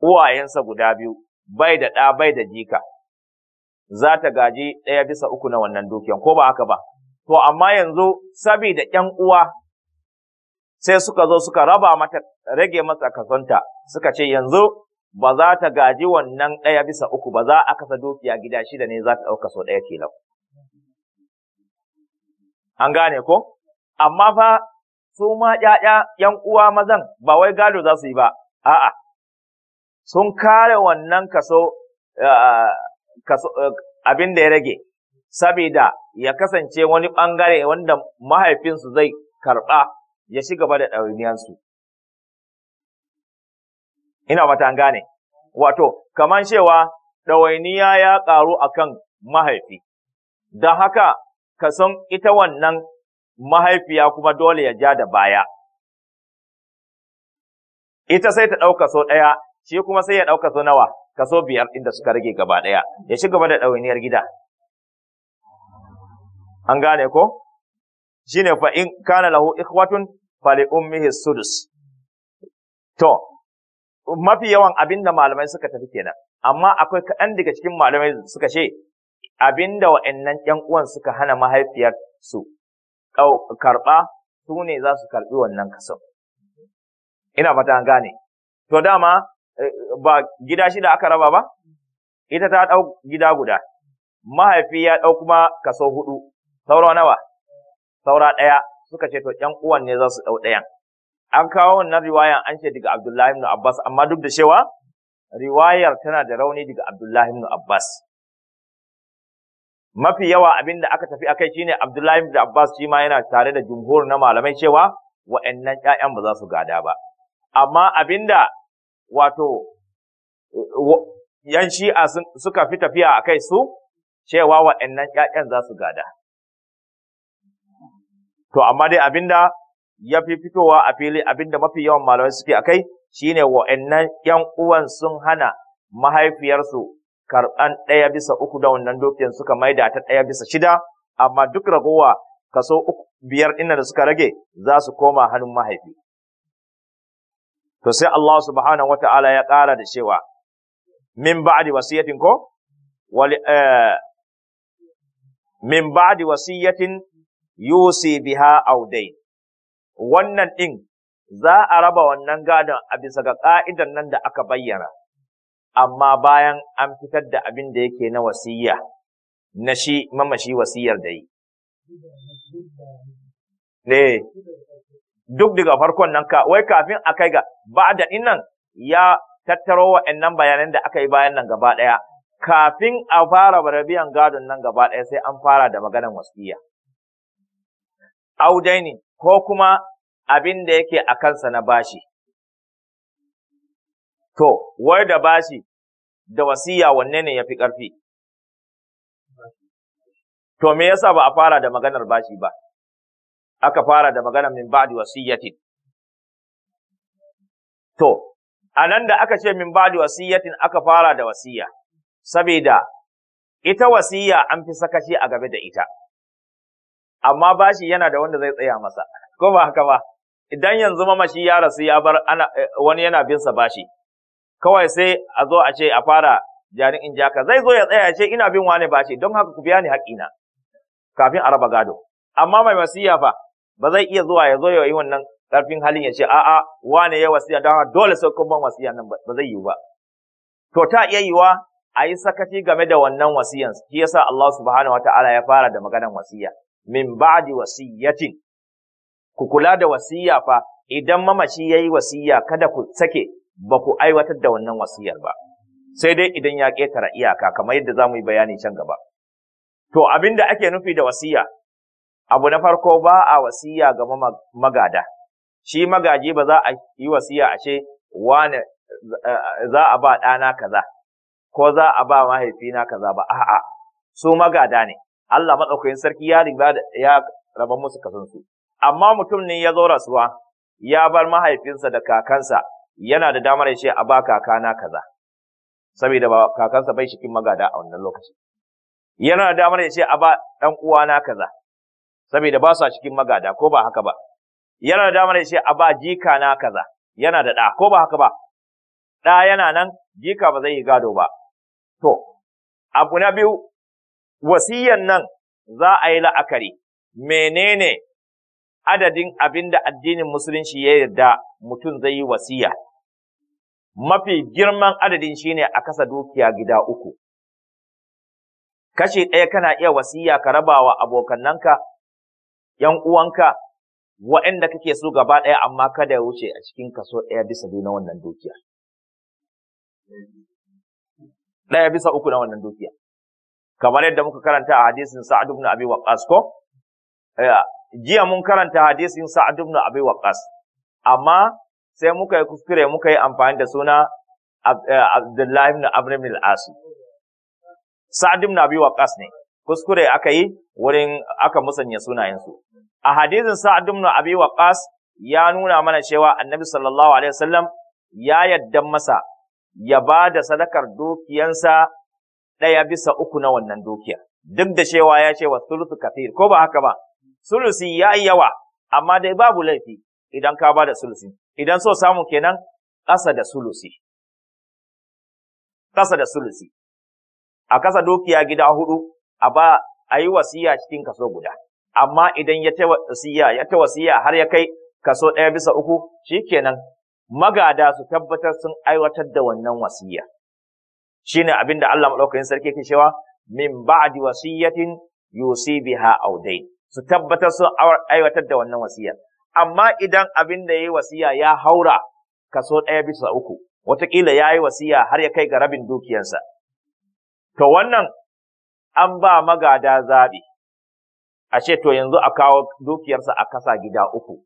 uwayensa guda biyu bai da ɗa bai da jika za ta gaji ɗaya bisa uku na wannan dukiyan ko ba haka ba to amma yanzu sabida ‘yan uwa sai suka zo suka raba mata rage masa kasonta suka ce yanzu ba za ta gaji wannan ɗaya bisa uku ba za a kasa dukiya gida shida ne za ta ɗauka so ɗaya kenan. An gane ko? Amma fa su ma ‘ya'ya ‘yan uwa mazan ba wai gado za su yi ba, a'a, sun kare wannan kaso eh, eh, abin da ya rage. saboda ya kasance wani bangare wanda mahaifinsu zai karɓa ya ci gaba da ɗawainiyansu. Ina mata gane, wato, kamar cewa ɗawainiya ya ƙaru a kan mahaifi, don haka ka san ita wannan mahaifiya kuma dole ya ja da baya. Ita sai ta ɗauka so ɗaya, shi kuma sai ya ɗauka so nawa, kaso biyar inda suka rage gaba ɗaya, ya ci gaba da ɗawainiyar gida. an gane ko Shi ne fa in kana lahu ikhwatun fali ummihi sudus to mafi yawan abinda malamai suka tafi kenan amma akwai kaɗan daga cikin malamai suka ce abinda wa'annan ƴan uwan suka hana mahaifiyar su karɓa su ne za su karɓi wannan kaso ina fata an gane to dama eh, ba gida shida aka raba ba ita ta ɗau gida guda mahaifi ya ɗau kuma kaso huɗu. saura nawa saura ɗaya suka ce to ƴan uwan ne za su ɗau ɗayan an kawo wannan riwayan an ce daga Abdullahi ibn Abbas amma duk da cewa riwayar tana da rauni daga Abdullahi ibn Abbas mafi yawa abin da aka tafi akai shine Abdullahi ibn Abbas shi ma yana tare da jumhur na malamai cewa wa'annan ƴaƴan ba za su gada ba amma abinda wato yan shi'a suka fi tafiya akai su cewa wa'annan ƴaƴan za su gada to amma dai abinda ya fi fitowa a fili abinda mafi yawan malamai suke akai shine wa'annan yan uwan sun hana mahaifiyarsu karɓan ɗaya bisa uku da wannan dokin suka maida ta ɗaya bisa shida amma duk ragowa kaso uku biyar ɗin da suka rage za su koma hannun mahaifi to sai Allah subhanahu wata'ala ya ƙara da cewa min ba'di wasiyatin ko wali eh, min ba'di wasiyatin yusi biha audai wannan ɗin za a raba wannan gadon a bisa ga ƙa'idan nan da aka bayyana amma bayan an fitar da abin da yake na wasiya na shi mamashi wasiyar da yi ne eh, duk daga farkon nan ka wai kafin a kai ga ba da inan ya tattaro wa'annan bayanan da aka yi bayan nan gaba ɗaya kafin a fara rabiyan gadon nan gaba ɗaya sai an fara da maganar wasiya audaini ko kuma abin da yake a kansa na bashi. To, wai da bashi da wasiya wanne ne ya fi ƙarfi? To, me yasa ba a fara da maganar bashi ba, aka fara da maganar min ba'di wasiyyatin. To, a nan da aka ce min ba'di wasiyyatin aka fara da wasiya, saboda ita wasiya an fi sakashi a game da ita. amma bashi yana da wanda zai tsaya masa ko ba haka ba idan yanzu mamashi ya rasu ya bar ana eh, wani yana bin sa bashi kawai sai a zo a ce a fara jarin in jaka zai zo ya tsaya ya ce ina bin wani bashi don haka ku biya ni haƙina kafin a raba gado amma mai wasiya fa ba zai iya zuwa ya zo ya yi wannan ƙarfin halin ya ce a wane ya wasiya don haka dole sai kun ban wasiya nan ba zai yiwu ba to ta iya yiwa a yi sakaci game da wannan wasiyan shi yasa Allah subhanahu wataala ya fara da maganar wasiya min ba'di wasiyatin ku kula da wasiya fa idan mamaci yayi wasiya kada ku sake ba ku aiwatar da wannan wasiyar ba sai dai idan ya ƙetara iyaka kamar yadda za mu yi bayani can gaba to abinda da ake nufi da wasiya abu na farko ba a wasiya ga magada shi magaji ba za a yi wasiya a ce wane za a ba ɗana kaza ko za a ba mahaifina kaza ba a'a su magada ne Allah maɗaukakin sarki ya riga ya raba musu kasansu amma mutum ne ya zo rasuwa ya bar mahaifinsa da kakansa yana da damar ya ce a ba kakana kaza saboda ba kakansa bai shikin magada a wannan lokaci yana da damar ya ce a ba ɗan uwana kaza saboda ba su a cikin magada ko ba haka ba yana da damar ya ce a ba jika na kaza yana da ɗa ko ba haka ba ɗa yana nan jika ba zai yi gado ba to abu na biyu wasiyan nan za a yi la'akari menene adadin abin da addinin musulunci ya yarda mutum zai yi wasiya mafi girman adadin shine a kasa dukiya gida uku kashi ɗaya kana iya wasiya ka raba wa abokannanka ‘yan uwanka wa'inda kake so gaba ɗaya amma kada ya wuce a cikin kaso ɗaya bisa biyu na wannan dukiya ɗaya bisa uku na wannan dukiya kamar yadda muka karanta a hadisin Sa'ad ibn Abi Waqqas ko eh, jiya mun karanta hadisin Sa'ad ibn Abi Waqqas amma sai muka yi kuskure muka yi amfani da suna eh, Abdullahi ibn Amr ibn al-As Sa'ad ibn Abi Waqqas ne kuskure aka yi wurin aka musanya sunayensu a hadisin Sa'ad ibn Abi Waqqas ya nuna mana cewa Annabi sallallahu alaihi wasallam ya yadda masa ya ba da sadakar dukiyansa ɗaya bisa uku na wannan dukiya duk da cewa ya ce wa sulusu kafir ko ba haka ba sulusi ya yi yawa amma dai babu laifi idan ka ba da sulusi idan so samu kenan ƙasa da sulusi ƙasa da sulusi a kasa dukiya gida hudu a ba a yi wasiya cikin kaso guda amma idan ya ta wasiya ya ta wasiya har ya kai kaso ɗaya bisa uku shi kenan. magada su tabbatar sun aiwatar da wannan wasiya shine abin da Allah madaukakin sarki yake cewa min ba'di wasiyatin yusi ha audai. su tabbatar sun aiwatar da wannan wasiyar amma idan abin da yayi wasiya ya haura kaso ɗaya bisa uku wataƙila ya yi wasiya har ya kai ga rabin dukiyarsa to wannan an ba magada zaɓi a ce to yanzu a kawo dukiyarsa a kasa gida uku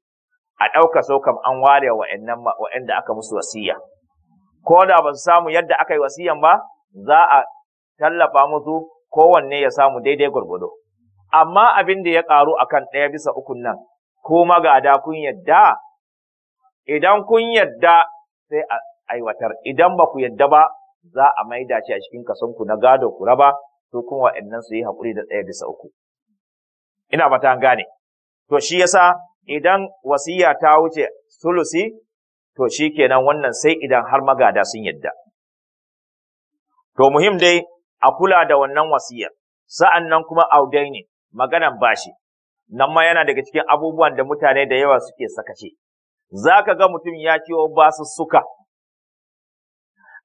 a ɗauka so an ware wa'anda aka musu wasiya ko da ba su samu yadda aka yi wasiyan ba za a tallafa musu kowanne ya samu daidai gwargwado amma abin da ya ƙaru akan ɗaya bisa ukun nan ko magada kun yadda idan kun yadda sai a aiwatar idan ba ku yadda ba za a maida shi a cikin ku na gado ku raba to kuma waɗannan su yi hakuri da ɗaya bisa uku ina fata an gane to shi yasa idan wasiya ta wuce sulusi to shi kenan wannan sai idan har magada sun yadda. To muhim dai a kula da wannan wasiyar, sa'an nan kuma audai ne, maganan bashi, nan ma yana daga cikin abubuwan da mutane da yawa suke sakashe. Za ka ga mutum ya ciwo basu suka,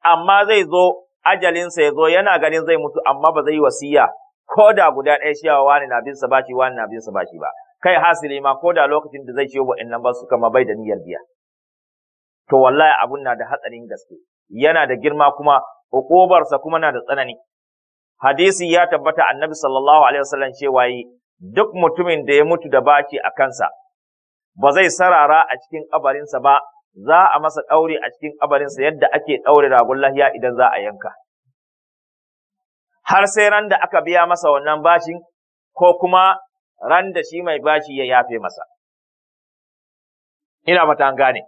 amma zai zo ajalinsa ya zo yana ganin zai mutu amma ba zai yi wasiya ko da guda ɗaya cewa wani na bin bashi wani na bin bashi ba. Kai hasili ma ko da lokacin da zai ciwo nan ba su kama bai da niyyar biya. to wallahi abun na da hatsarin gaske yana da girma kuma hukubarsa kuma na da tsanani hadisi ya tabbata annabi sallallahu alaihi wasallam cewa duk mutumin da ya mutu da baki a kansa ba zai sarara a cikin kabarinsa ba za a masa ɗaure a cikin kabarinsa yadda ake ɗaure ragon lahiya idan za a yanka har sai ran da aka biya masa wannan bashin ko kuma ran da shi mai bashi ya yafe masa ina mata an gane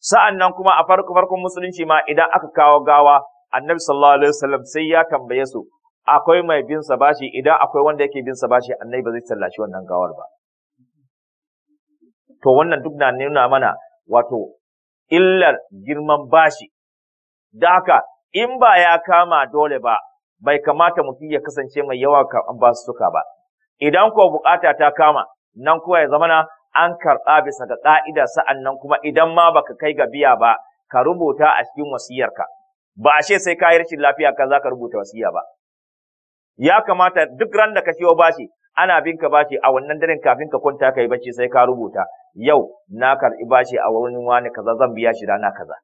sa'an nan kuma a farko farkon musulunci ma idan aka kawo gawa annabi sallallahu alaihi wasallam sai ya tambaye su akwai mai bin sa bashi idan akwai wanda yake bin sa bashi annabi ba zai tallashi wannan gawar ba to wannan duk na nuna mana wato illar girman bashi da haka in ba ya kama dole ba bai kamata mutum ya kasance mai yawa karɓan suka ba idan ko bukata ta kama nan kuwa ya zamana an karɓa bisa ga ƙa'ida nan kuma idan ma baka kai ga biya ba ka rubuta a cikin wasiyarka ba a ashe sai ka yi rashin lafiya ka za ka rubuta wasiya ba ya kamata duk ran da ka ciwo bashi ana bin ka bashi a wannan daren kafin ka kwanta ka yi bacci sai ka rubuta yau na karɓi bashi a wurin wani kaza zan biya shi rana kaza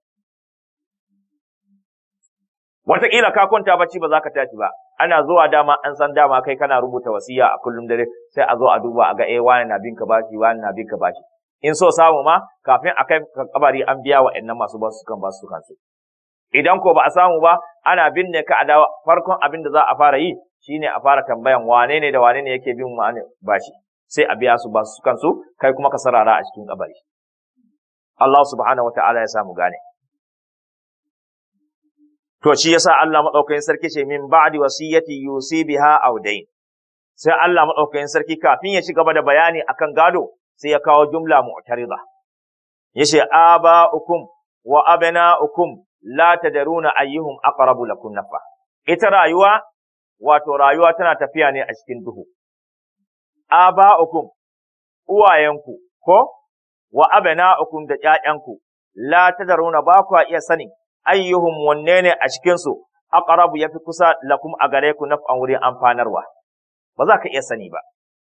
wataƙila ka kwanta bacci ba za ka tashi ba ana zuwa dama an san dama kai kana rubuta wasiya a kullum dare sai a zo a duba a ga eh wani na bin ka bashi wani na bin ka bashi in so samu ma kafin a kai kabari an biya wa masu basu kan basu kansu idan ko ba a samu ba ana binne ka a dawo farkon abin da za a fara yi shine a fara tambayan wane ne da wane ne yake bin wani bashi sai a biya su basu kansu kai kuma ka sarara a cikin kabari Allah subhanahu wataala ya samu gane to shi yasa Allah madaukakin sarki ce min ba'di wasiyati yusi biha audain sai Allah madaukakin sarki kafin ya ci gaba da bayani akan gado sai ya kawo jumla mu'tarida yace aba'ukum wa abna'ukum la tadruna ayyuhum aqrabu lakum nafa ita rayuwa wato rayuwa tana tafiya ne a cikin duhu aba'ukum uwayenku ko wa abna'ukum da ƴaƴanku la tadaruna ba ku iya sani ayyuhum wanne ne a cikin su aqrabu yafi kusa lakum a gare ku naf'an wurin amfanarwa ba za ka iya sani ba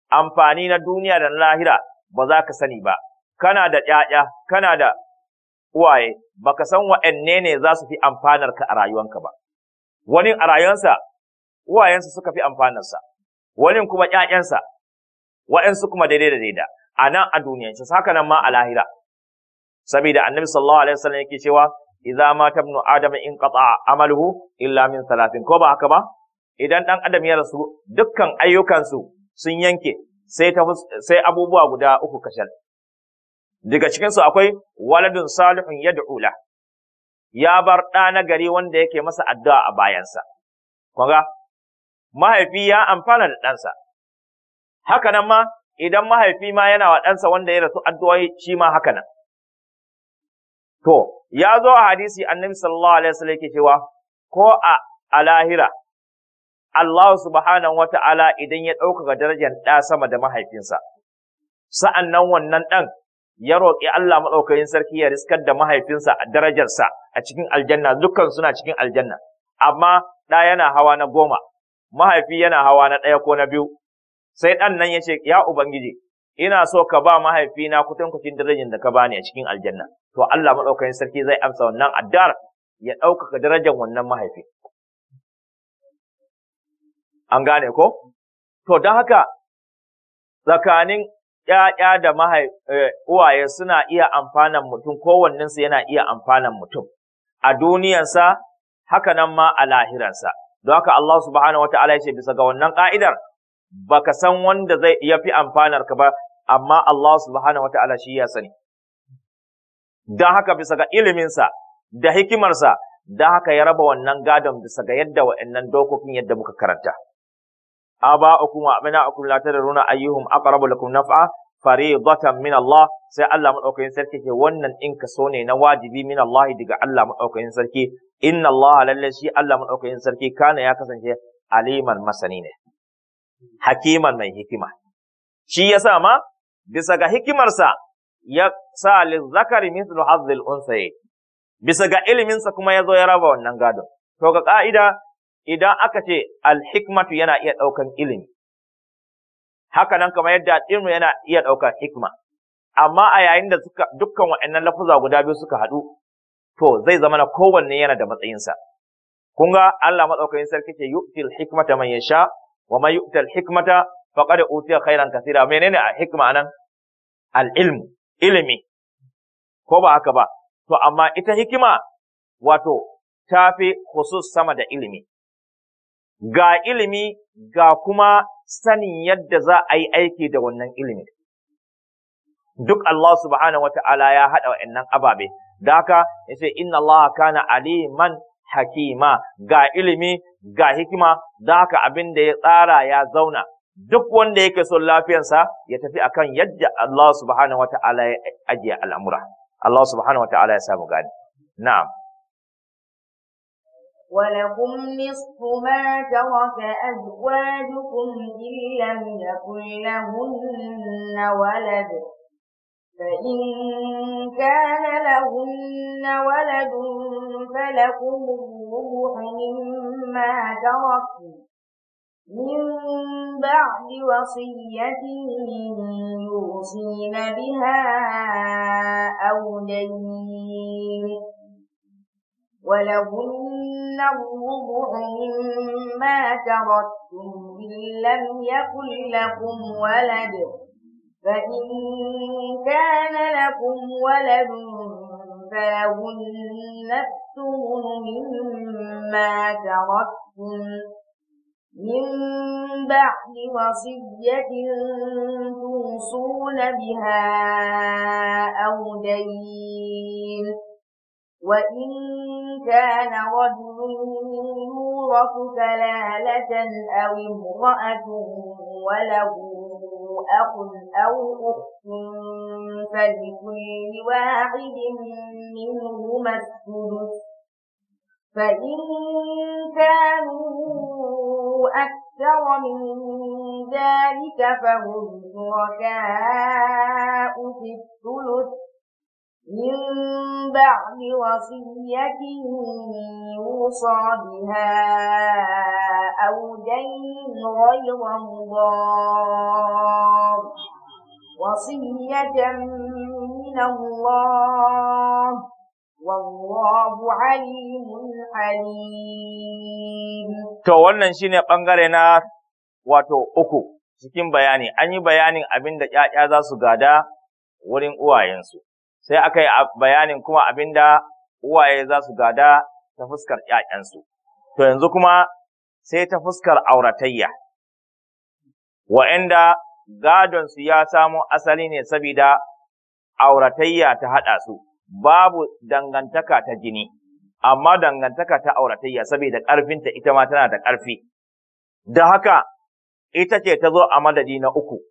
amfani na duniya da na lahira ba za ka sani ba kana da ƴaƴa kana da uwaye baka san wa'anne ne za su fi amfanar ka a rayuwanka ba wani a rayuwansa uwayensa suka fi amfanarsa wani kuma ƴaƴansa wa'ansu kuma daidai da daida a nan a duniyance haka nan ma a lahira Sabida annabi sallallahu alaihi wasallam yake cewa idza mata ibnu adam in qata amaluhu illa min salatin ko ba haka ba idan dan adam ya rasu dukkan ayyukansu sun yanke sai ta sai abubuwa guda uku kashal daga cikin su akwai waladun salihun yad'u la ya bar ɗa na gari wanda yake masa addu'a a bayansa kunga mahaifi ya amfana da ɗansa haka nan ma idan mahaifi ma yana wa ɗansa wanda ya rasu addu'o'i shi ma haka nan To, ya zo a hadisi annabi sallallahu alaihi wasallam yake cewa ko a alahira Allah subhanahu wa ta'ala idan ya ɗaukaka darajar ɗa sama da mahaifinsa, sa'an nan wannan ɗan ya roƙi Allah maɗaukakin sarki ya riskar da mahaifinsa a darajarsa a cikin aljanna dukkan suna cikin aljanna, amma ɗa yana hawa na goma, mahaifi yana hawa na ɗaya ko na biyu, sai ɗan nan ya ce, Ya Ubangiji, ina so ka ba mahaifina kutankucin darajar da ka bani a cikin aljanna. to Allah madaukakin sarki zai amsa wannan addu'ar ya ɗaukaka darajar wannan mahaifi an gane ko to don haka tsakanin ‘ya'ya da eh, uwaye suna iya amfanan mutum, kowannensu yana iya amfanan mutum, a duniyarsa haka nan ma a lahiransa. Don haka Allah subhanahu wata'ala ya ce bisa ga wannan ƙa'idar, baka san wanda zai yafi fi amfanar ka ba, amma Allah subhanahu wata'ala shi ya sani. don haka bisa ga iliminsa da hikimarsa don haka ya raba wannan gadon bisa ga yadda wa'annan dokokin yadda muka karanta aba'ukum wa abna'ukum la runa ayyuhum aqrabu lakum naf'a faridatan min Allah sai Allah madaukakin sarki ke wannan in ka so ne na wajibi min Allah daga Allah madaukakin sarki inna Allah lalle shi Allah madaukakin sarki kana ya kasance aliman masani ne hakiman mai hikima shi yasa ma bisa ga hikimarsa ya sa lizzakari mithlu hazzil unsaye bisa ga iliminsa kuma ya zo ya raba wannan gadon to ga ka'ida idan aka ce alhikmatu yana iya ɗaukan ilimi haka nan kamar yadda ilmu yana iya ɗaukan hikma amma a yayin da suka dukkan waɗannan lafuza guda biyu suka haɗu to zai zama na kowanne yana da matsayinsa kun ga Allah madaukakin sarki ce yu'til hikmata man yasha wa man yu'tal hikmata faqad utiya khairan kathira menene a hikma anan al ilmu ilimi ko ba haka ba to amma ita hikima wato ta fi khusus sama da ilimi ga ilimi ga kuma sanin yadda za a yi aiki da wannan ilimi duk Allah subhanahu wata'ala ya haɗa wa'annan ababe da haka yace inna Allah kana aliman hakima ga ilimi ga hikima da haka abin da ya tsara ya zauna duk wanda yake son lafiyarsa ya tafi akan yadda Allah subhanahu wata'ala ya ajiye al'amura Allah subhanahu wata'ala ya samu gani na'am ولكم نصف ما ترك أزواجكم إن لم يكن لهن ولد فإن كان لهن ولد فلكم الربح مما تركوا من بعد وصية يوصين بها أو دين ولهن الربع مما تركتم إن لم يكن لكم ولد فإن كان لكم ولد فلهن الثمن مما تركتم من بعد وصية توصون بها أو دين وإن كان رجل يورث كلالة أو امرأة وله أخ أو أخت فلكل واحد منهما السدس فإن كانوا أكثر من ذلك فهم شركاء في الثلث من بعد وصية يوصى بها أو دين غير مضار وصية من الله wallahu alim to wannan shine bangare na wato uku cikin bayani an yi bayanin abin da ƴaƴa za su gada wurin uwayensu sai aka yi bayanin kuma abin da uwaye za su gada ta fuskar 'ya'yansu, to yanzu kuma sai ta fuskar auratayya gadon gadonsu ya samo asali ne sabida auratayya ta haɗa su babu dangantaka ta jini amma dangantaka ta auratayya saboda ƙarfinta ita ma tana da ƙarfi da haka ita ce ta zo a madadi na uku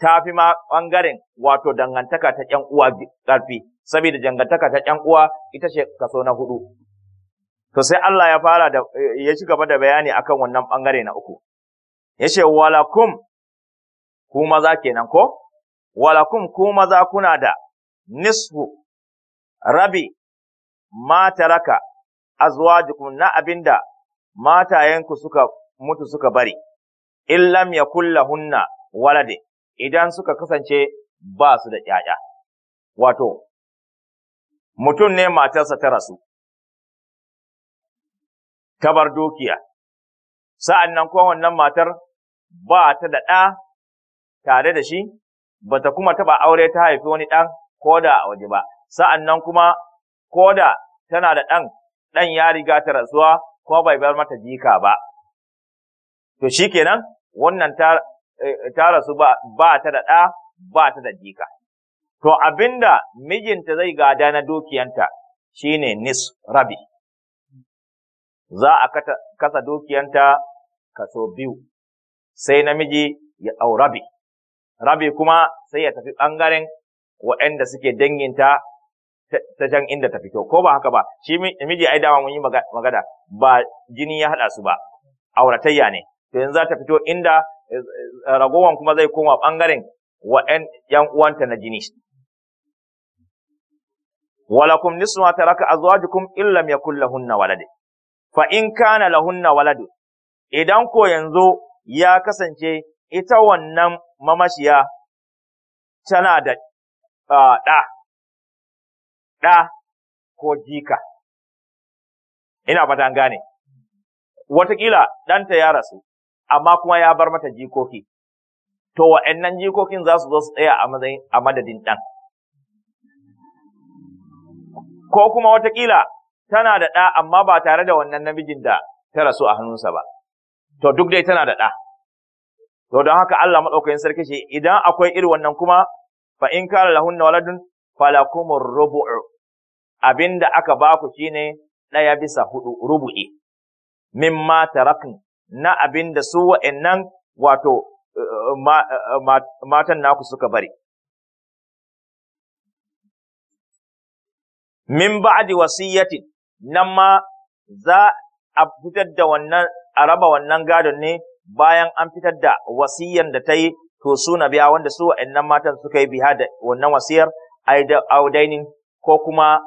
ta fi ma ɓangaren wato dangantaka ta ƴan uwa ƙarfi saboda dangantaka ta yan uwa ita ce kaso na hudu to sai Allah ya fara da ya ci gaba da bayani akan wannan bangare na uku ya ce walakum ku maza kenan ko walakum ku maza kuna da nisfu rabi mata raka azwajukum na abinda matayenku suka mutu suka bari in lam kulla hunna walade idan suka kasance ba su da ƴaƴa wato mutum ne matarsa ta rasu ta bar dukiya sa'an nan kuma wannan matar ba ta da ɗa tare da shi ba ta kuma taɓa aure ta haifi wani ɗan ko da a waje ba Sa'an nan kuma ko da tana da ɗan ɗan ya riga ta rasuwa ko bai bar mata jika ba to shi kenan wannan ta eh, rasu ba ta da ɗa ba ta da jika to abinda mijinta zai gada na dukiyanta shine nis rabi za a kasa dukiyanta kaso biyu sai namiji ya ɗau rabi rabi kuma sai ya tafi ɓangaren waɗanda suke danginta ta can inda ta fito ko ba haka ba shi miji ai dama mun yi magana ba jini ya haɗa su ba auratayya ne to yanzu za ta fito inda eh, ragowan kuma zai koma ɓangaren wa'yan ‘yan uwanta na jini. Walakum nisu ma taraka azwajukum illam yakul lahunna walad fa in kana lahunna walad idan ko yanzu ya kasance ita wannan mamashiya tana da ah, ɗa ɗa ko jika. Ina fata gane. Wataƙila ɗanta ya rasu, amma kuma ya bar mata jikoki. To wa'annan jikokin za su zo su tsaya a madadin ɗan. Ko kuma wataƙila tana da ɗa amma ba tare da wannan namijin da ta rasu a hannunsa ba. To duk dai tana da ɗa. To don haka Allah maɗaukakin sarki shi idan akwai irin wannan kuma fa in kara lahunna waladun falakumur rubu'u abinda aka baku shine ɗaya bisa hudu rubu'i mimma tarakun na abinda su wa'annan wato eh, eh, matan naku suka bari min ba'di wasiyatin nan ma za a fitar da wannan a raba wannan gadon ne bayan an fitar da wasiyan da ta yi to su biya wanda su wa'annan matan suka yi biya da wannan wasiyar audainin ko kuma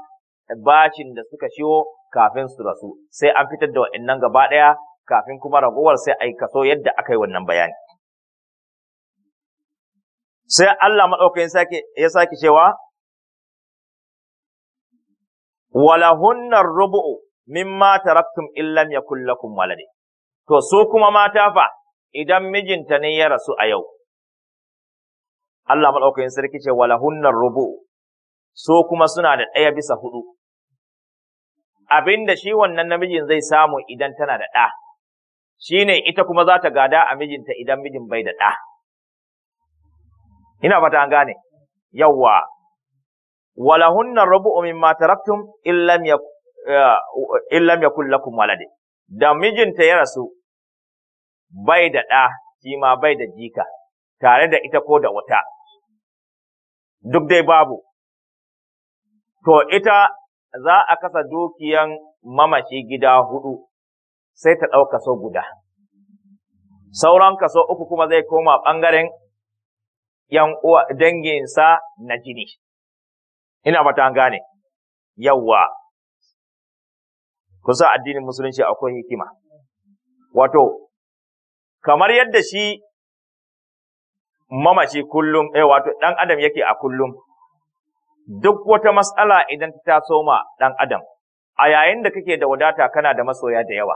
bacin da suka shiwo kafin su rasu sai an fitar da wa'annan gaba ɗaya kafin kuma ragowar sai a yi kaso yadda aka yi wannan bayani sai Allah maɗaukakin ya sake cewa walahunnar rubu'u mimma taraktum illam yakul lakum walade to su kuma mata fa idan mijinta ne ya rasu a yau Allah maɗaukakin sarki ce walahunnar rubu'u so kuma suna da ɗaya bisa hudu. Abin da shi wannan namijin zai samu idan tana da ɗa, shi ne ita kuma za ta gada a mijinta idan mijin bai da ɗa. Ina fata an gane, yawwa, walahunnan rubu'u mimma taraktum illam eh, kulle lakum walade. Da mijinta ya rasu, bai da ɗa, shi ma bai da jika, tare da ita ko da wata, duk dai babu. to ita za a kasa dukiyan mamaci gida hudu sai ta ɗau kaso guda sauran kaso uku kuma zai koma ɓangaren yan uwa danginsa na jini ina fata gane yawwa kusa addinin musulunci akwai hikima wato kamar yadda shi mamaci kullum eh wato dan adam yake a kullum duk wata matsala idan ta taso ma ɗan adam a yayin da kake da wadata kana da masoya da yawa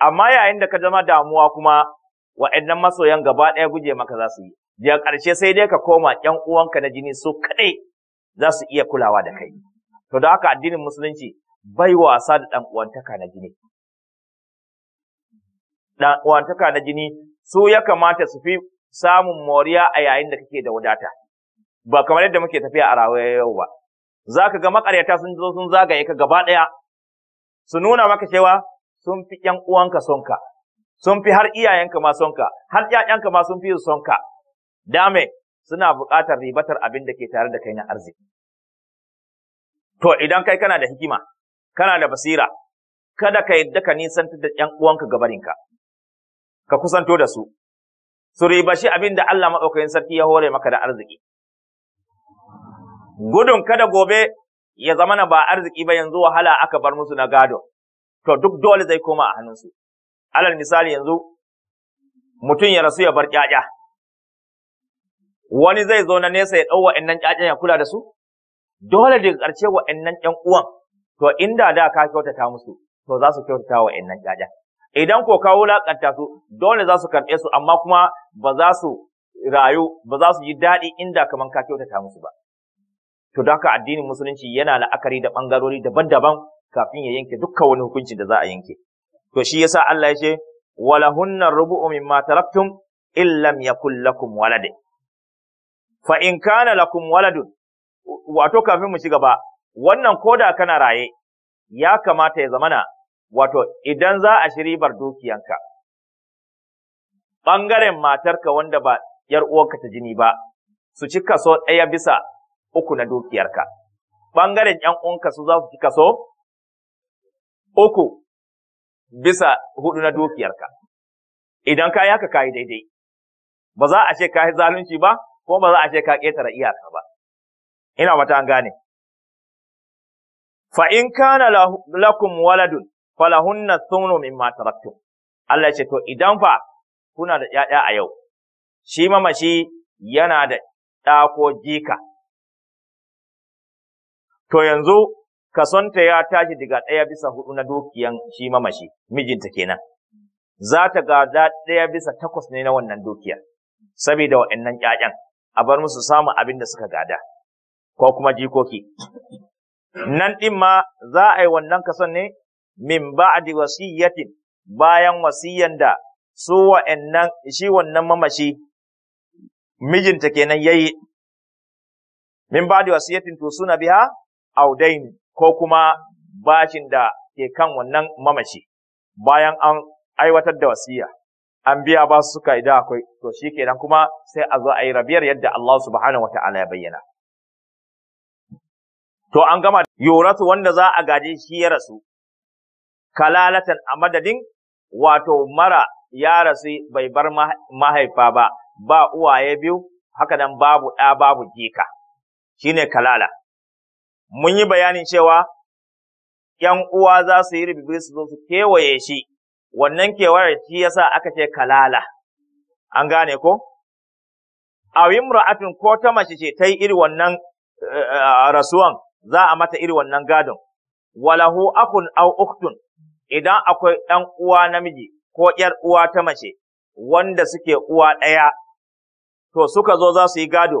amma yayin da ka zama damuwa kuma wa'annan masoyan gaba ɗaya guje maka za su yi daga ƙarshe sai dai ka koma ƴan uwanka na jini su kaɗai za su iya kulawa da kai to da haka addinin musulunci bai wasa da ɗan uwantaka na jini ɗan uwantaka na jini su ya kamata su fi samun moriya a yayin da kake da wadata ba kamar yadda muke tafiya a rawaya yau ba za ka ga makaryata sun zo sun zagaye ka gaba ɗaya su nuna maka cewa sun fi yan uwanka sonka sun fi har iyayenka ma sonka har 'ya'yanka ma sun fi su sonka dame suna buƙatar ribatar abin da ke tare da kai na arziki to idan kai kana da hikima kana da basira kada ka yadda ka nisantar da yan uwanka gabarinka ka kusanto da su su ribashi abin da Allah maɗaukakin sarki ya hore maka da arziki gudun kada gobe ya zama na ba arziki ba yanzu wahala aka bar musu na gado to duk dole zai koma a hannunsu alal misali yanzu mutum ya rasu ya bar ƙyaƙya wani zai zo na nesa ya ɗau wa'annan ƴaƴan ya kula da su dole daga ƙarshe wa'annan ƴan uwan to inda da ka kyautata musu to za su kyautata wa'annan ƴaƴan idan ko kawo lakanta su dole za su karɓe su amma kuma ba za su rayu ba za su yi daɗi inda kamar ka kyautata musu ba to da haka addinin musulunci yana la'akari da bangarori daban-daban kafin ya yanke dukkan wani hukunci da za a yanke to shi yasa Allah ya ce walahunna rubu'u mimma taraktum in lam yakul lakum walad fa in kana lakum walad. wato kafin mu shiga ba, wannan koda kana raye ya kamata ya zamana wato idan za a shiri bar dukiyanka ɓangaren matarka wanda ba ‘yar uwarka ta jini ba, su ci kaso ɗaya bisa uku na dukiyarka ɓangaren ‘yan uwanka su za su ci kaso uku bisa hudu na dukiyarka idan ka yaka ka yi daidai ba za a ce ka yi zalunci ba ko ba za a ce ka ƙetare iyaka ba ina wata an gane fa in kana lakum waladun falahunna thumnu min taraktum Allah ce to idan fa kuna da ‘ya'ya a yau, shi mamashi yana da ɗa jika, to yanzu kasonta ya tashi daga ɗaya bisa hudu na dukiyan shi mamashi mijinta kenan za ta gada ɗaya bisa takwas ne na wannan dukiyar saboda waɗannan ƴaƴan a bar musu samun abin da suka gada ko kuma jikoki nan ɗin ma za a yi wannan kason ne min ba'di wasiyyatin bayan wasiyan da su wa'annan shi wannan mamashi mijinta kenan yayi min ba'di wasiyyatin to suna biha audain ko kuma bashin da ke kan wannan mamaci bayan an aiwatar da wasiya an biya ba su suka idan akwai to shi kenan kuma sai a zo a yi rabiyar yadda Allah subhanahu wataala ya bayyana to an gama yoratu wanda za a gaji shi ya rasu kalalatan a madadin wato mara ya rasu bai bar mahaifa ba ba uwaye biyu haka nan babu ɗa babu jika shine kalala mun yi bayanin cewa ‘yan uwa za su yi rububi su zo su kewaye shi, wannan kewayar shi yasa aka ce kalala, an gane ko? A imra'atun ko ta mace ce ta yi iri wannan eh, eh, rasuwan za a mata iri wannan gadon, walahu akun au uktun idan akwai ɗan uwa namiji ko ‘yar uwa ta mace wanda suke uwa ɗaya, to suka zo za su yi gado,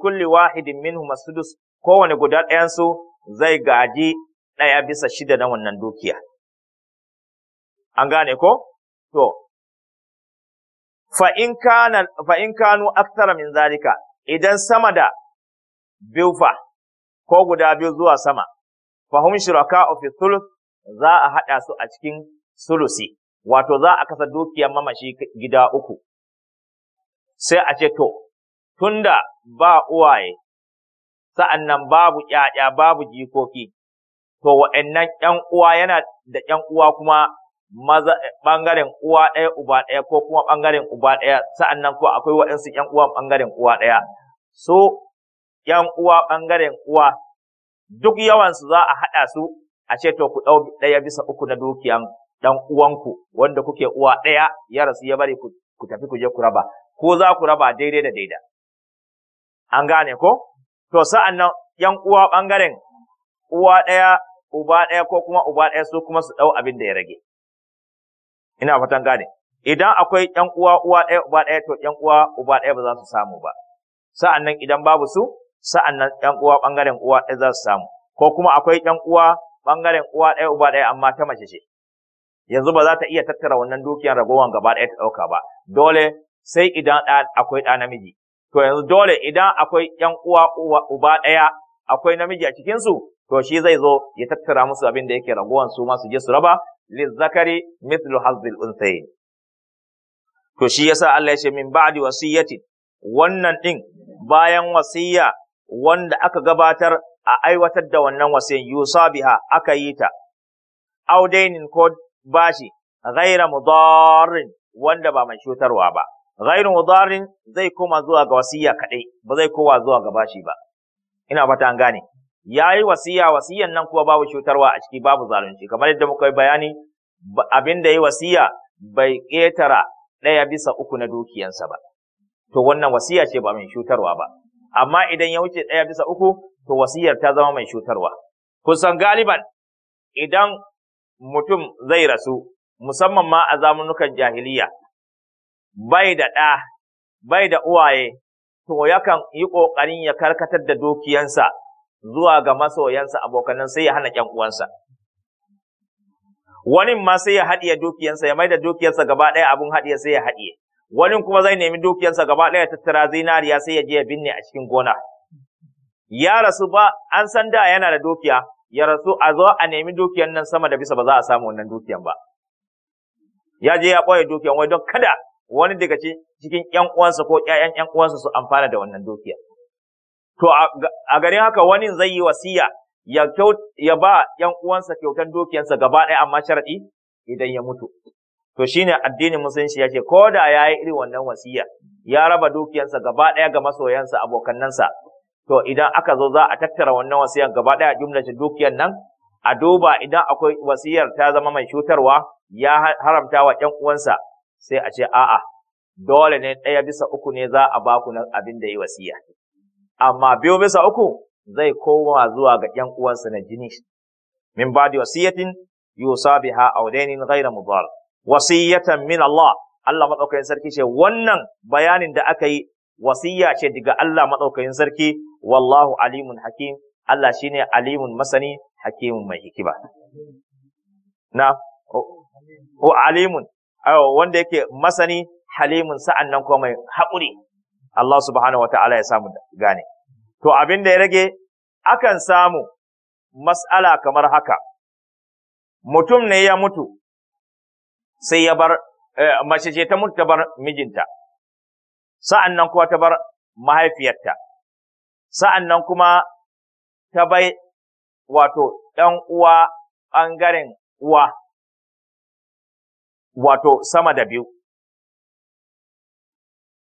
kulli wahidin minhu masudus kowane guda ɗayansu zai gaji ɗaya bisa shida na wannan dukiya. An gane ko? To, fa'in kanu aktara min zalika, idan sama da biyu ko guda biyu zuwa sama, fahim shiraka ofis sulus za a haɗa su a cikin sulusi, wato za a kasa dukiyar mamashi gida uku. Sai a ce, to, tunda ba uwaye, sa'annan babu ‘ya'ya babu jikoki, to wa'annan ‘yan uwa yana da ‘yan uwa kuma maza ɓangaren uwa ɗaya uba ɗaya ko kuma ɓangaren uba ɗaya sa'annan ko akwai waɗansu ‘yan uwa ɓangaren uwa ɗaya. So, ‘yan uwa bangaren uwa duk yawansu za a haɗa su a ce to ku ɗau ɗaya bisa uku na dukiyan ɗan uwanku wanda kuke uwa ɗaya ya rasu ya bari ku tafi ku je ku raba ko za ku raba daidai da daidai. An gane ko? to sa'an nan ‘yan uwa ɓangaren uwa ɗaya, uba ɗaya ko kuma uba ɗaya su kuma su ɗau abin da ya rage. Ina fatan gane, idan akwai ‘yan uwa uwa ɗaya uba ɗaya to ‘yan uwa uba ɗaya ba za su samu ba. Sa'an nan idan babu su, sa'an nan ‘yan uwa ɓangaren uwa ɗaya za su samu, ko kuma akwai ‘yan uwa ɓangaren uwa ɗaya uba ɗaya amma ta mace ce. Yanzu ba za ta iya tattara wannan dukiyar ragowar gaba ɗaya ta ɗauka ba, dole sai idan akwai ɗa namiji. to yanzu dole idan akwai ‘yan uwa uba ɗaya akwai namiji a cikinsu, to shi zai zo ya tattara musu abin da yake ragowan su ma su je su raba Zakari, mithlu hazzil unthayin to shi yasa Allah ya ce min ba'di wasiyati wannan din bayan wasiya wanda aka gabatar a aiwatar da wannan wasiyan yusa biha aka yi ta audainin ko bashi ghaira mudarrin wanda ba mai cutarwa ba ghairu mudarin zai koma zuwa ga wasiya kadai ba zai kowa zuwa ga bashi ba ina fata an gane yayi wasiya wasiyan nan kuwa babu cutarwa a ciki babu zalunci kamar yadda muka yi bayani abin da yayi wasiya bai ƙetara ɗaya bisa uku na dukiyansa ba to wannan wasiya ce ba mai cutarwa ba amma idan ya wuce ɗaya bisa uku to wasiyar ta zama mai cutarwa kusan galiban idan mutum zai rasu musamman ma a zamanukan jahiliya bai da ɗa bai da uwaye to yakan yi ƙoƙarin ya karkatar da dukiyansa zuwa ga masoyansa abokanan sai ya hana ƙyan uwansa wani ma sai ya haɗiye dukiyansa ya mai da dukiyarsa gaba ɗaya abun haɗiye sai ya haɗiye wani kuma zai nemi dukiyarsa gaba ɗaya tattara zinariya sai ya je ya binne a cikin gona ya rasu ba an san da yana da dukiya ya rasu a zo a nemi dukiyan nan sama da bisa ba za a samu wannan dukiyan ba ya je ya ɓoye dukiyan wai don kada wani daga cikin ƴan uwansa ko ƴaƴan ƴan uwansa su amfana da wannan dukiya to a garin haka wani zai yi wasiya ya ba ƴan uwansa kyautan dukiyarsa gaba ɗaya amma sharadi idan ya mutu to shine addinin musulunci ya ce ko da ya yi irin wannan wasiya ya raba dukiyarsa gaba ɗaya ga masoyansa abokannansa to idan aka zo za a tattara wannan wasiyar gaba ɗaya jumlace dukiyar nan a duba idan akwai wasiyar ta zama mai cutarwa ya haramta wa ƴan uwansa sai a ce a'a dole ne ɗaya bisa uku ne za a baku na abin da ya wasiya amma biyu bisa uku zai koma zuwa ga 'yan uwansa na jini min ba'di wasiyatin yusa biha aw dainin ghayra mudar wasiyatan min Allah Allah madaukakin sarki ce wannan bayanin da aka yi wasiya ce daga Allah madaukakin sarki wallahu alimun hakim Allah shine alimun masani hakimun mai hikima na o alimun wanda yake masani halimun sa'an nan kuma mai haƙuri Allah subhanahu wa ta'ala ya samu gane to abin da ya rage akan samu mas'ala kamar haka mutum ne ya mutu sai ya bar eh, mace ce ta mutu ta bar mijinta sa'an nan ta bar mahaifiyarta sa'an nan kuma ta bai wato yan uwa ɓangaren uwa wato sama da biyu.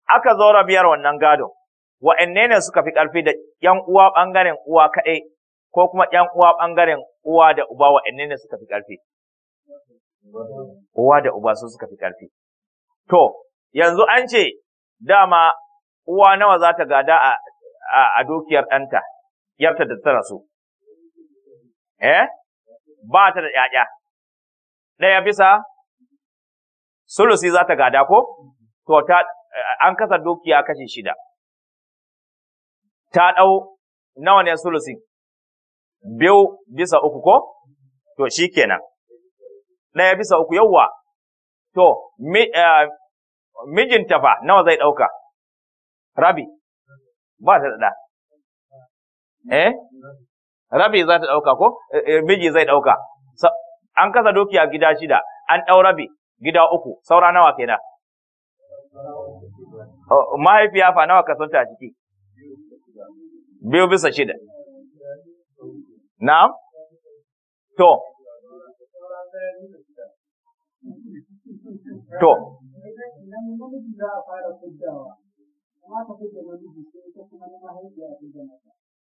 Aka zo rabiyar wannan gado, wa'anne ne suka fi ƙarfi da ‘yan uwa ɓangaren uwa kaɗai ko kuma ‘yan uwa ɓangaren uwa da uba wa'anne ne suka fi ƙarfi? Uwa da uba su suka fi ƙarfi. To, yanzu an ce dama uwa nawa za ta gada a, a dukiyar ɗanta, ‘yarta da ta rasu. Eh? Ba ta da ‘ya'ya. Ɗaya bisa sulusi za ta gada ko to ta an kasa dukiya kashi shida ta ɗau nawa ne sulusi biyu bisa uku ko to shi kenan ɗaya bisa uku yawwa to eh, mijinta fa nawa zai ɗauka rabi ba ta da eh rabi za ta ɗauka ko eh, eh, miji zai ɗauka an kasa dukiya gida shida an ɗau rabi gida uku saura nawa kenan oh, mahaifiya fa nawa kasanta a ciki biyu bisa shida na'am to to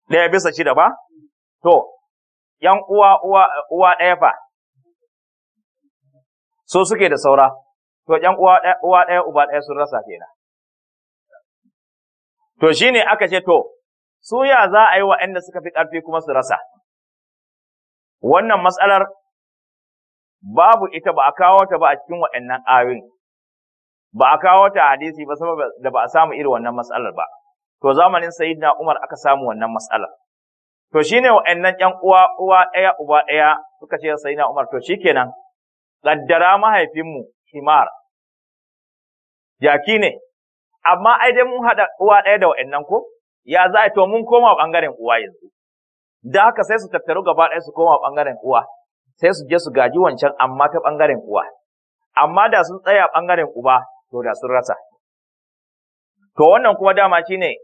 ɗaya bisa shida ba to yan uwa uwa uwa ɗaya fa so suke da saura to ƴan uwa ɗaya uba ɗaya sun rasa kenan to shi ne aka ce to su ya za a yi waɗanda suka fi ƙarfi kuma su rasa wannan matsalar babu ita ba a kawo ta ba a cikin waɗannan ayoyin ba a kawo ta hadisi ba saboda da ba a samu irin wannan matsalar ba to zamanin sayyidina Umar aka samu wannan matsalar to shine waɗannan ƴan uwa uwa ɗaya uba ɗaya suka ce sayyidina Umar to shikenan Ƙaddara mahaifinmu himar, jaki ne, amma ai dai mun haɗa uwa ɗaya da wa'annan ko? Ya za a to mun koma ɓangaren uwa yanzu. Da haka sai su tattaru gaba ɗaya su koma ɓangaren uwa, sai su je su gaji wancan amma ta ɓangaren uwa. Amma da sun tsaya ɓangaren uba, to da sun rasa. To wannan kuma dama shi ne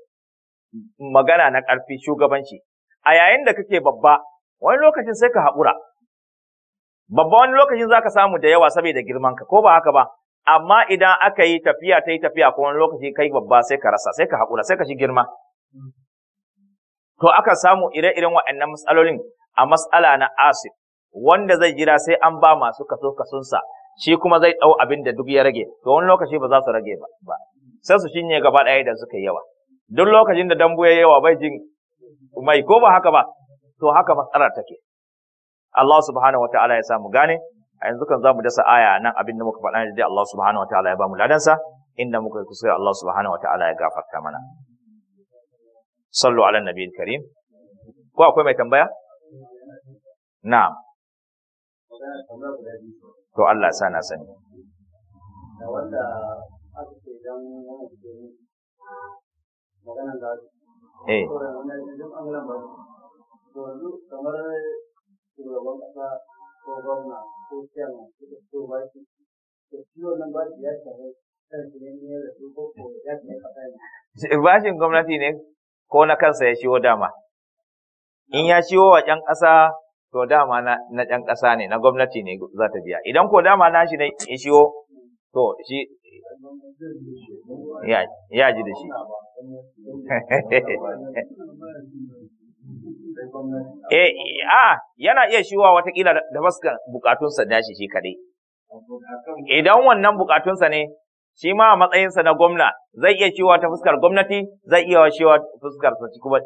magana na ƙarfi shugabanci. A yayin da kake babba, wani lokacin sai ka haƙura, babba wani lokacin za ka samu da yawa saboda girman ka ko ba haka ba amma idan aka yi tafiya ta yi tafiya ko wani lokaci kai babba sai ka rasa sai ka haƙura sai ka shi girma to aka samu ire-iren waɗannan matsalolin a matsala na asif wanda zai jira sai an ba masu kaso kasunsa shi kuma zai ɗau abin da duk ya rage to wani lokaci ba za su rage ba sai su shinye gaba ɗaya da suka yi yawa duk lokacin da dambu ya yawa bai jin mai ko ba haka ba to haka matsalar take Allah subhanahu wataala ya samu gane a yanzu kan za mu dasa aya nan abin da muka faɗa da Allah subhanahu wataala ya bamu ladansa inda muka kusa Allah subhanahu wataala ya gafarta mana sallu ala nabiyil karim ko akwai mai tambaya na'am to Allah sa na sani da wanda aka ce dan wani maganan da eh to kamar shugaban ƙasa ko gwamna ko chairman suka fito baki to shi wannan baki ya shafi kansu ne ne da su ko ko ya ne kasa ne bashin gwamnati ne ko na kansa ya shiwo dama in ya shiwo wa ƴan ƙasa to dama na na ƴan ƙasa ne na gwamnati ne za ta biya idan ko dama na shi ne ya ciwo to shi ya ji da shi Eh, a yana iya shiwa watakila da baska bukatunsa dashi shi kadai. Idan wannan bukatunsa ne, shi ma a matsayinsa na gwamna zai iya shiwa ta fuskar gwamnati, zai iya shiwa fuskar ta kuma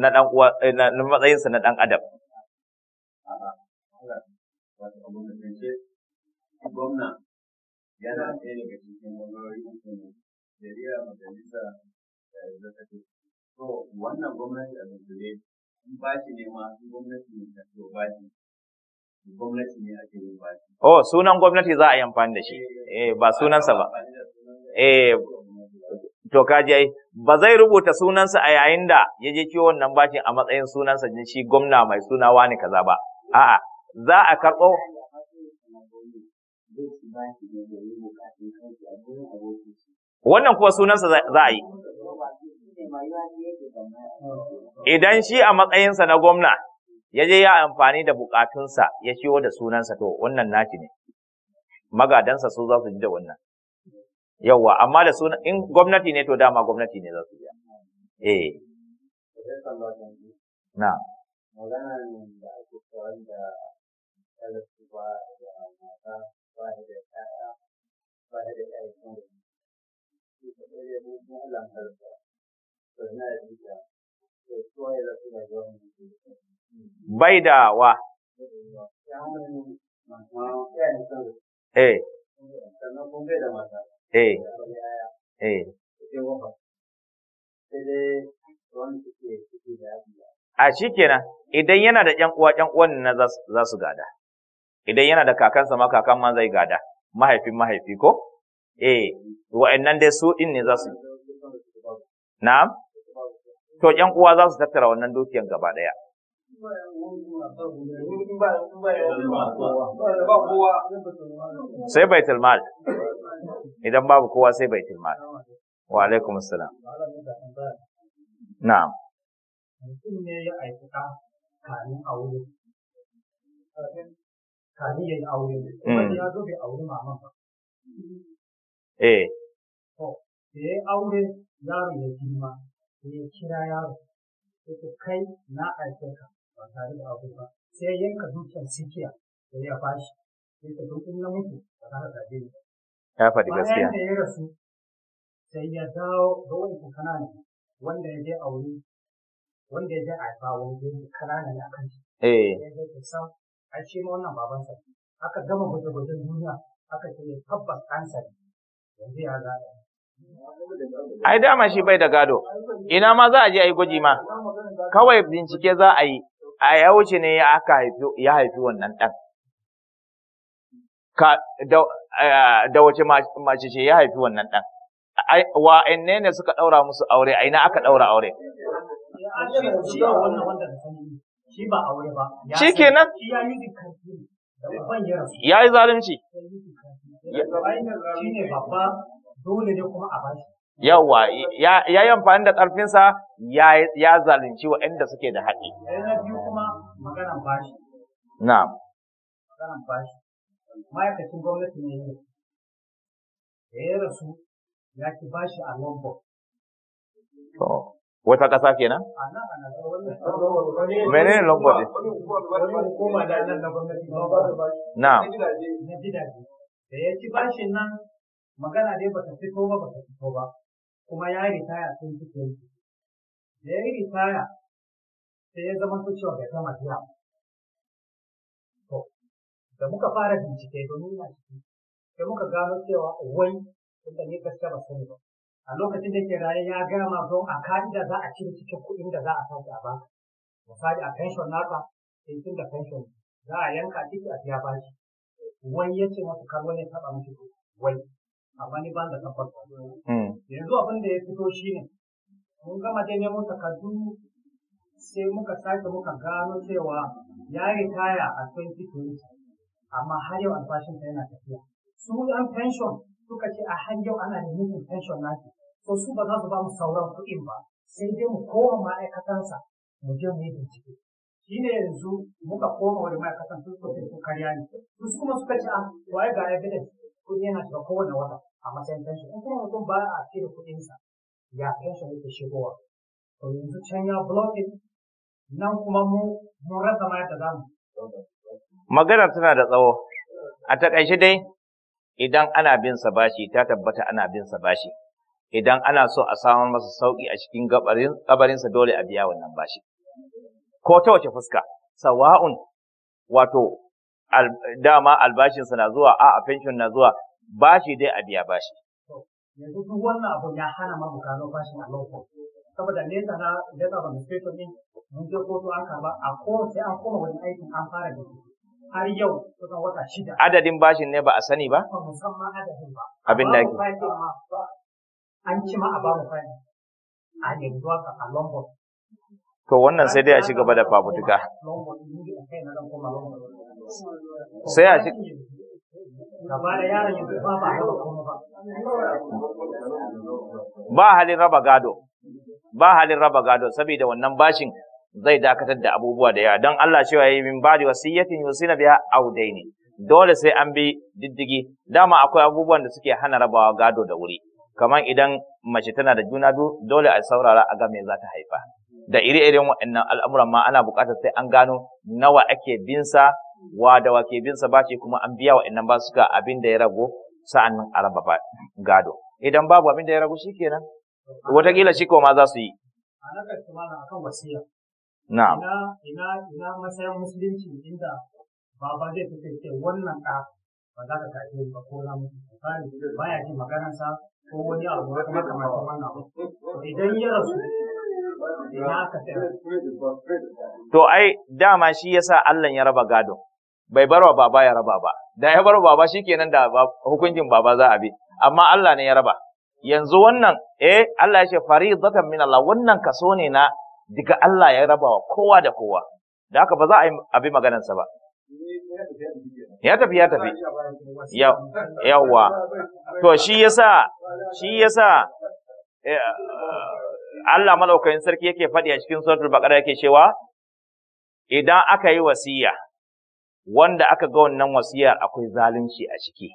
na dan uwa eh, na matsayinsa na dan adam. Gwamna yana ɗaya daga cikin wani majalisa da eh, wannan gwamnati a in gwamnati ne ta Gwamnati ne ake yin Oh sunan gwamnati za a yi amfani da shi. Eh ba sunansa ba. Eh to kaji ai ba zai rubuta sunansa a yayin da ya je ciwo wannan bashin a matsayin sunansa din shi gwamna mai suna wani kaza ba. A'a za a karɓo wannan kuwa sunansa za a yi. Idan shi a matsayinsa na gwamna ya je ya amfani da bukatunsa ya shiwo da sunansa to wannan naci ne. Magadansa su za su ji da wannan. Yawwa, amma da sunan in gwamnati ne to dama gwamnati ne za su biya. Eh. Na. Maganan da ba da ba da ba da bai da wa eh eh eh a shi kenan idan yana da ƴan uwa ƴan uwan na za su gada idan yana da kakansa ma kakan ma zai gada mahaifin mahaifi ko eh wa'annan dai su din ne za su na'am to ƴan uwa za su tattara wannan dukiyan gaba daya Sai baitul mal. Idan babu kowa sai baitul mal. Wa alaikum assalam Na'am. Mutum ne ya aikata kamin aure. Kamin ya yi aure. Mm. ya zo bai aure maman ba. Eh. To, da ya aure girma. sai ya kira yaro sai kai na aike ka ba tare da sai yanka dukiyar sikiya da ya bashi sai ta na mutu ya faɗi gaskiya ya rasu sai ya dawo wanda ya je ya je wannan babansa aka gama gwaje-gwajen duniya aka ce tabbas kansa yanzu ya ai dama shi bai da gado ina ma za a je a yi gwaji ma kawai bincike za a yi a ya wuce ne aka ya haifi wannan ɗan ka da, eh, wace mace ce ya haifi wannan ɗan wa ne ne suka ɗaura musu aure a ina aka ɗaura aure shi kenan ya yi zalunci dole ne kuma a bashi yawa ya yi amfani da ƙarfinsa ya zalunci waɗanda suke da haƙi. Yana biyu kuma maganan bashi. Na. Maganan bashi. Ma'aikacin gwamnati ne ne. Da ya rasu ya ci bashi a Lombok. To, wata ƙasa kenan? Mene ne Lombok ne? Na. Na gidaje. Da ya ci bashin nan magana dai bata fito ba bata fito ba kuma ya yi ritaya sun fito yake da ya yi ritaya sai ya zama cewa bai gama biya to da muka fara bincike domin nuna ciki sai muka gano cewa wai tunda ni gaskiya ba sani ba a lokacin da ke raye ya gama ma don a ka'ida za a cire cikin kuɗin da za a sauke a baka misali a pension naka sai eh, tun da pension za a yanka ciki a biya bashi wai ya ce masu kar wani taɓa miki wai A wani ban da kan hmm. yanzu abin da ya fito shi ne mun gama dai neman takardu sai muka sake muka gano cewa ya ritaya a 2020 amma har yau ta yana tafiya su yan pension suka ce a har yau ana neman pension naki So su ba za su ba mu sauran kuɗin ba sai dai mu koma ma'aikatansa mu je mu yi bincike shi ne yanzu muka koma wani ma'aikatan su suka su karya ne su kuma suka ce a ah, waye ga evidence kuɗi yana shiga kowane wata a matsayin pension in kuma mutum ba a cire kuɗinsa ya pension yake shigowa to yanzu can ya blocking nan kuma mu mu rasa ma yadda zamu magana tana da tsawo a takaice dai idan ana bin sa bashi ta tabbata ana bin sa bashi idan ana so a samar masa sauki a cikin gabarin sa dole a biya wannan bashi ko ta wace fuska sawa'un wato dama albashinsa na zuwa a pension na zuwa bashi dai a biya bashi yanzu duk wannan abu ya hana ma zo bashi a lokacin saboda nesa na nesa ba mistake ne mun je kotu an karba a ko sai an koma wani aikin an fara da har yau kusan wata shida adadin bashin ne ba a sani ba musamman adadin ba abin da ke an ci ma a ba mu fani a ne zuwa ka a lombok to wannan sai dai a ci gaba da fafutuka lombok kai na dan koma lombok sai a ba halin raba gado ba halin raba gado saboda wannan bashin zai dakatar da abubuwa da yawa don Allah cewa yi min bari wasu yusina biha audaini dole sai an bi diddigi dama akwai abubuwan da suke hana rabawa gado da wuri kamar idan mace tana da juna biyu dole a saurara a ga me za ta haifa da iri-irin waɗannan al'amuran ma ana buƙatar sai an gano nawa ake binsa wa da wake ke bin sa bashi kuma an biya wa wa'annan ba suka abin da ya rago sa'annan a raba gado idan babu abin da ya rago shikenan watakila shi ko ma za su yi na'am ina ina ina masayan musulunci inda baba zai fita ce wannan ka ba za ka yi ba ko na ba ya ji maganarsa ko wani abu kamar wannan idan ya rasu To ai dama shi yasa Allah ya raba gado. bai bar wa baba ya raba ba da ya wa baba shikenan da hukuncin baba za a bi amma Allah ne ya raba yanzu wannan eh Allah ya ce faridatan min Allah wannan kaso ne na daga Allah ya raba wa kowa da kowa da haka ba za a yi abi maganarsa ba ya tafi ya tafi yawwa to shi yasa shi yasa eh, Allah malaukakin sarki yake faɗi a cikin suratul baqara yake cewa idan aka yi wasiya wanda aka ga wannan wasiyar akwai zalunci a ciki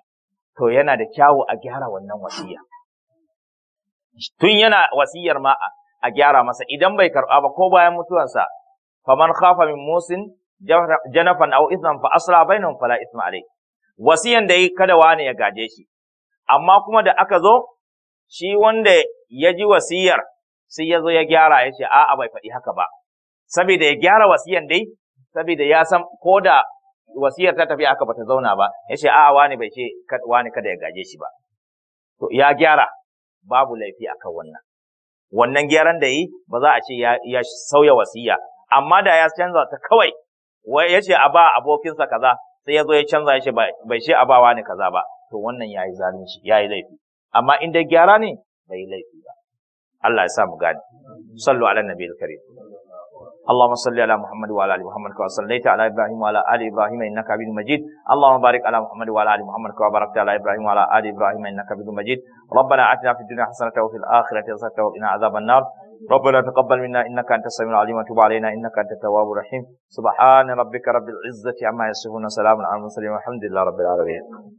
to yana da kyawu a gyara wannan wasiya tun yana wasiyar ma a gyara masa idan bai karba ba ko bayan mutuwarsa faman khafa min musin janafan aw ithman fa asra bainahum fala ithma alai wasiyan da yi kada wani ya gaje shi amma kuma da aka zo shi wanda ya ji wasiyar sai ya zo ya gyara ya ce a'a bai faɗi haka ba saboda ya gyara wasiyan dai saboda ya san ko da wasiyar ta tafi aka bata zauna ba ya ce a wani bai ce wani kada ya gaje shi ba to ya gyara babu laifi akan wannan wannan gyaran da yi ba za a ce ya sauya wasiya amma da ya canza ta kawai ya ce a ba abokinsa kaza sai ya zo ya canza ya ce bai ce a ba wani kaza ba to wannan ya yi zalunci ya yi laifi amma in dai gyara ne bai yi laifi ba Allah ya sa mu gane sallu ala nabiyil karim اللهم صل على محمد وعلى ال محمد كما صليت على ابراهيم وعلى ال ابراهيم انك حميد مجيد اللهم بارك على محمد وعلى ال محمد كما باركت على ابراهيم وعلى ال ابراهيم انك حميد مجيد ربنا اتنا في الدنيا حسنه وفي الاخره حسنه وقنا عذاب النار ربنا تقبل منا انك انت السميع العليم وتب علينا انك انت التواب الرحيم سبحان ربك رب العزه عما يصفون سلام على المرسلين والحمد لله رب العالمين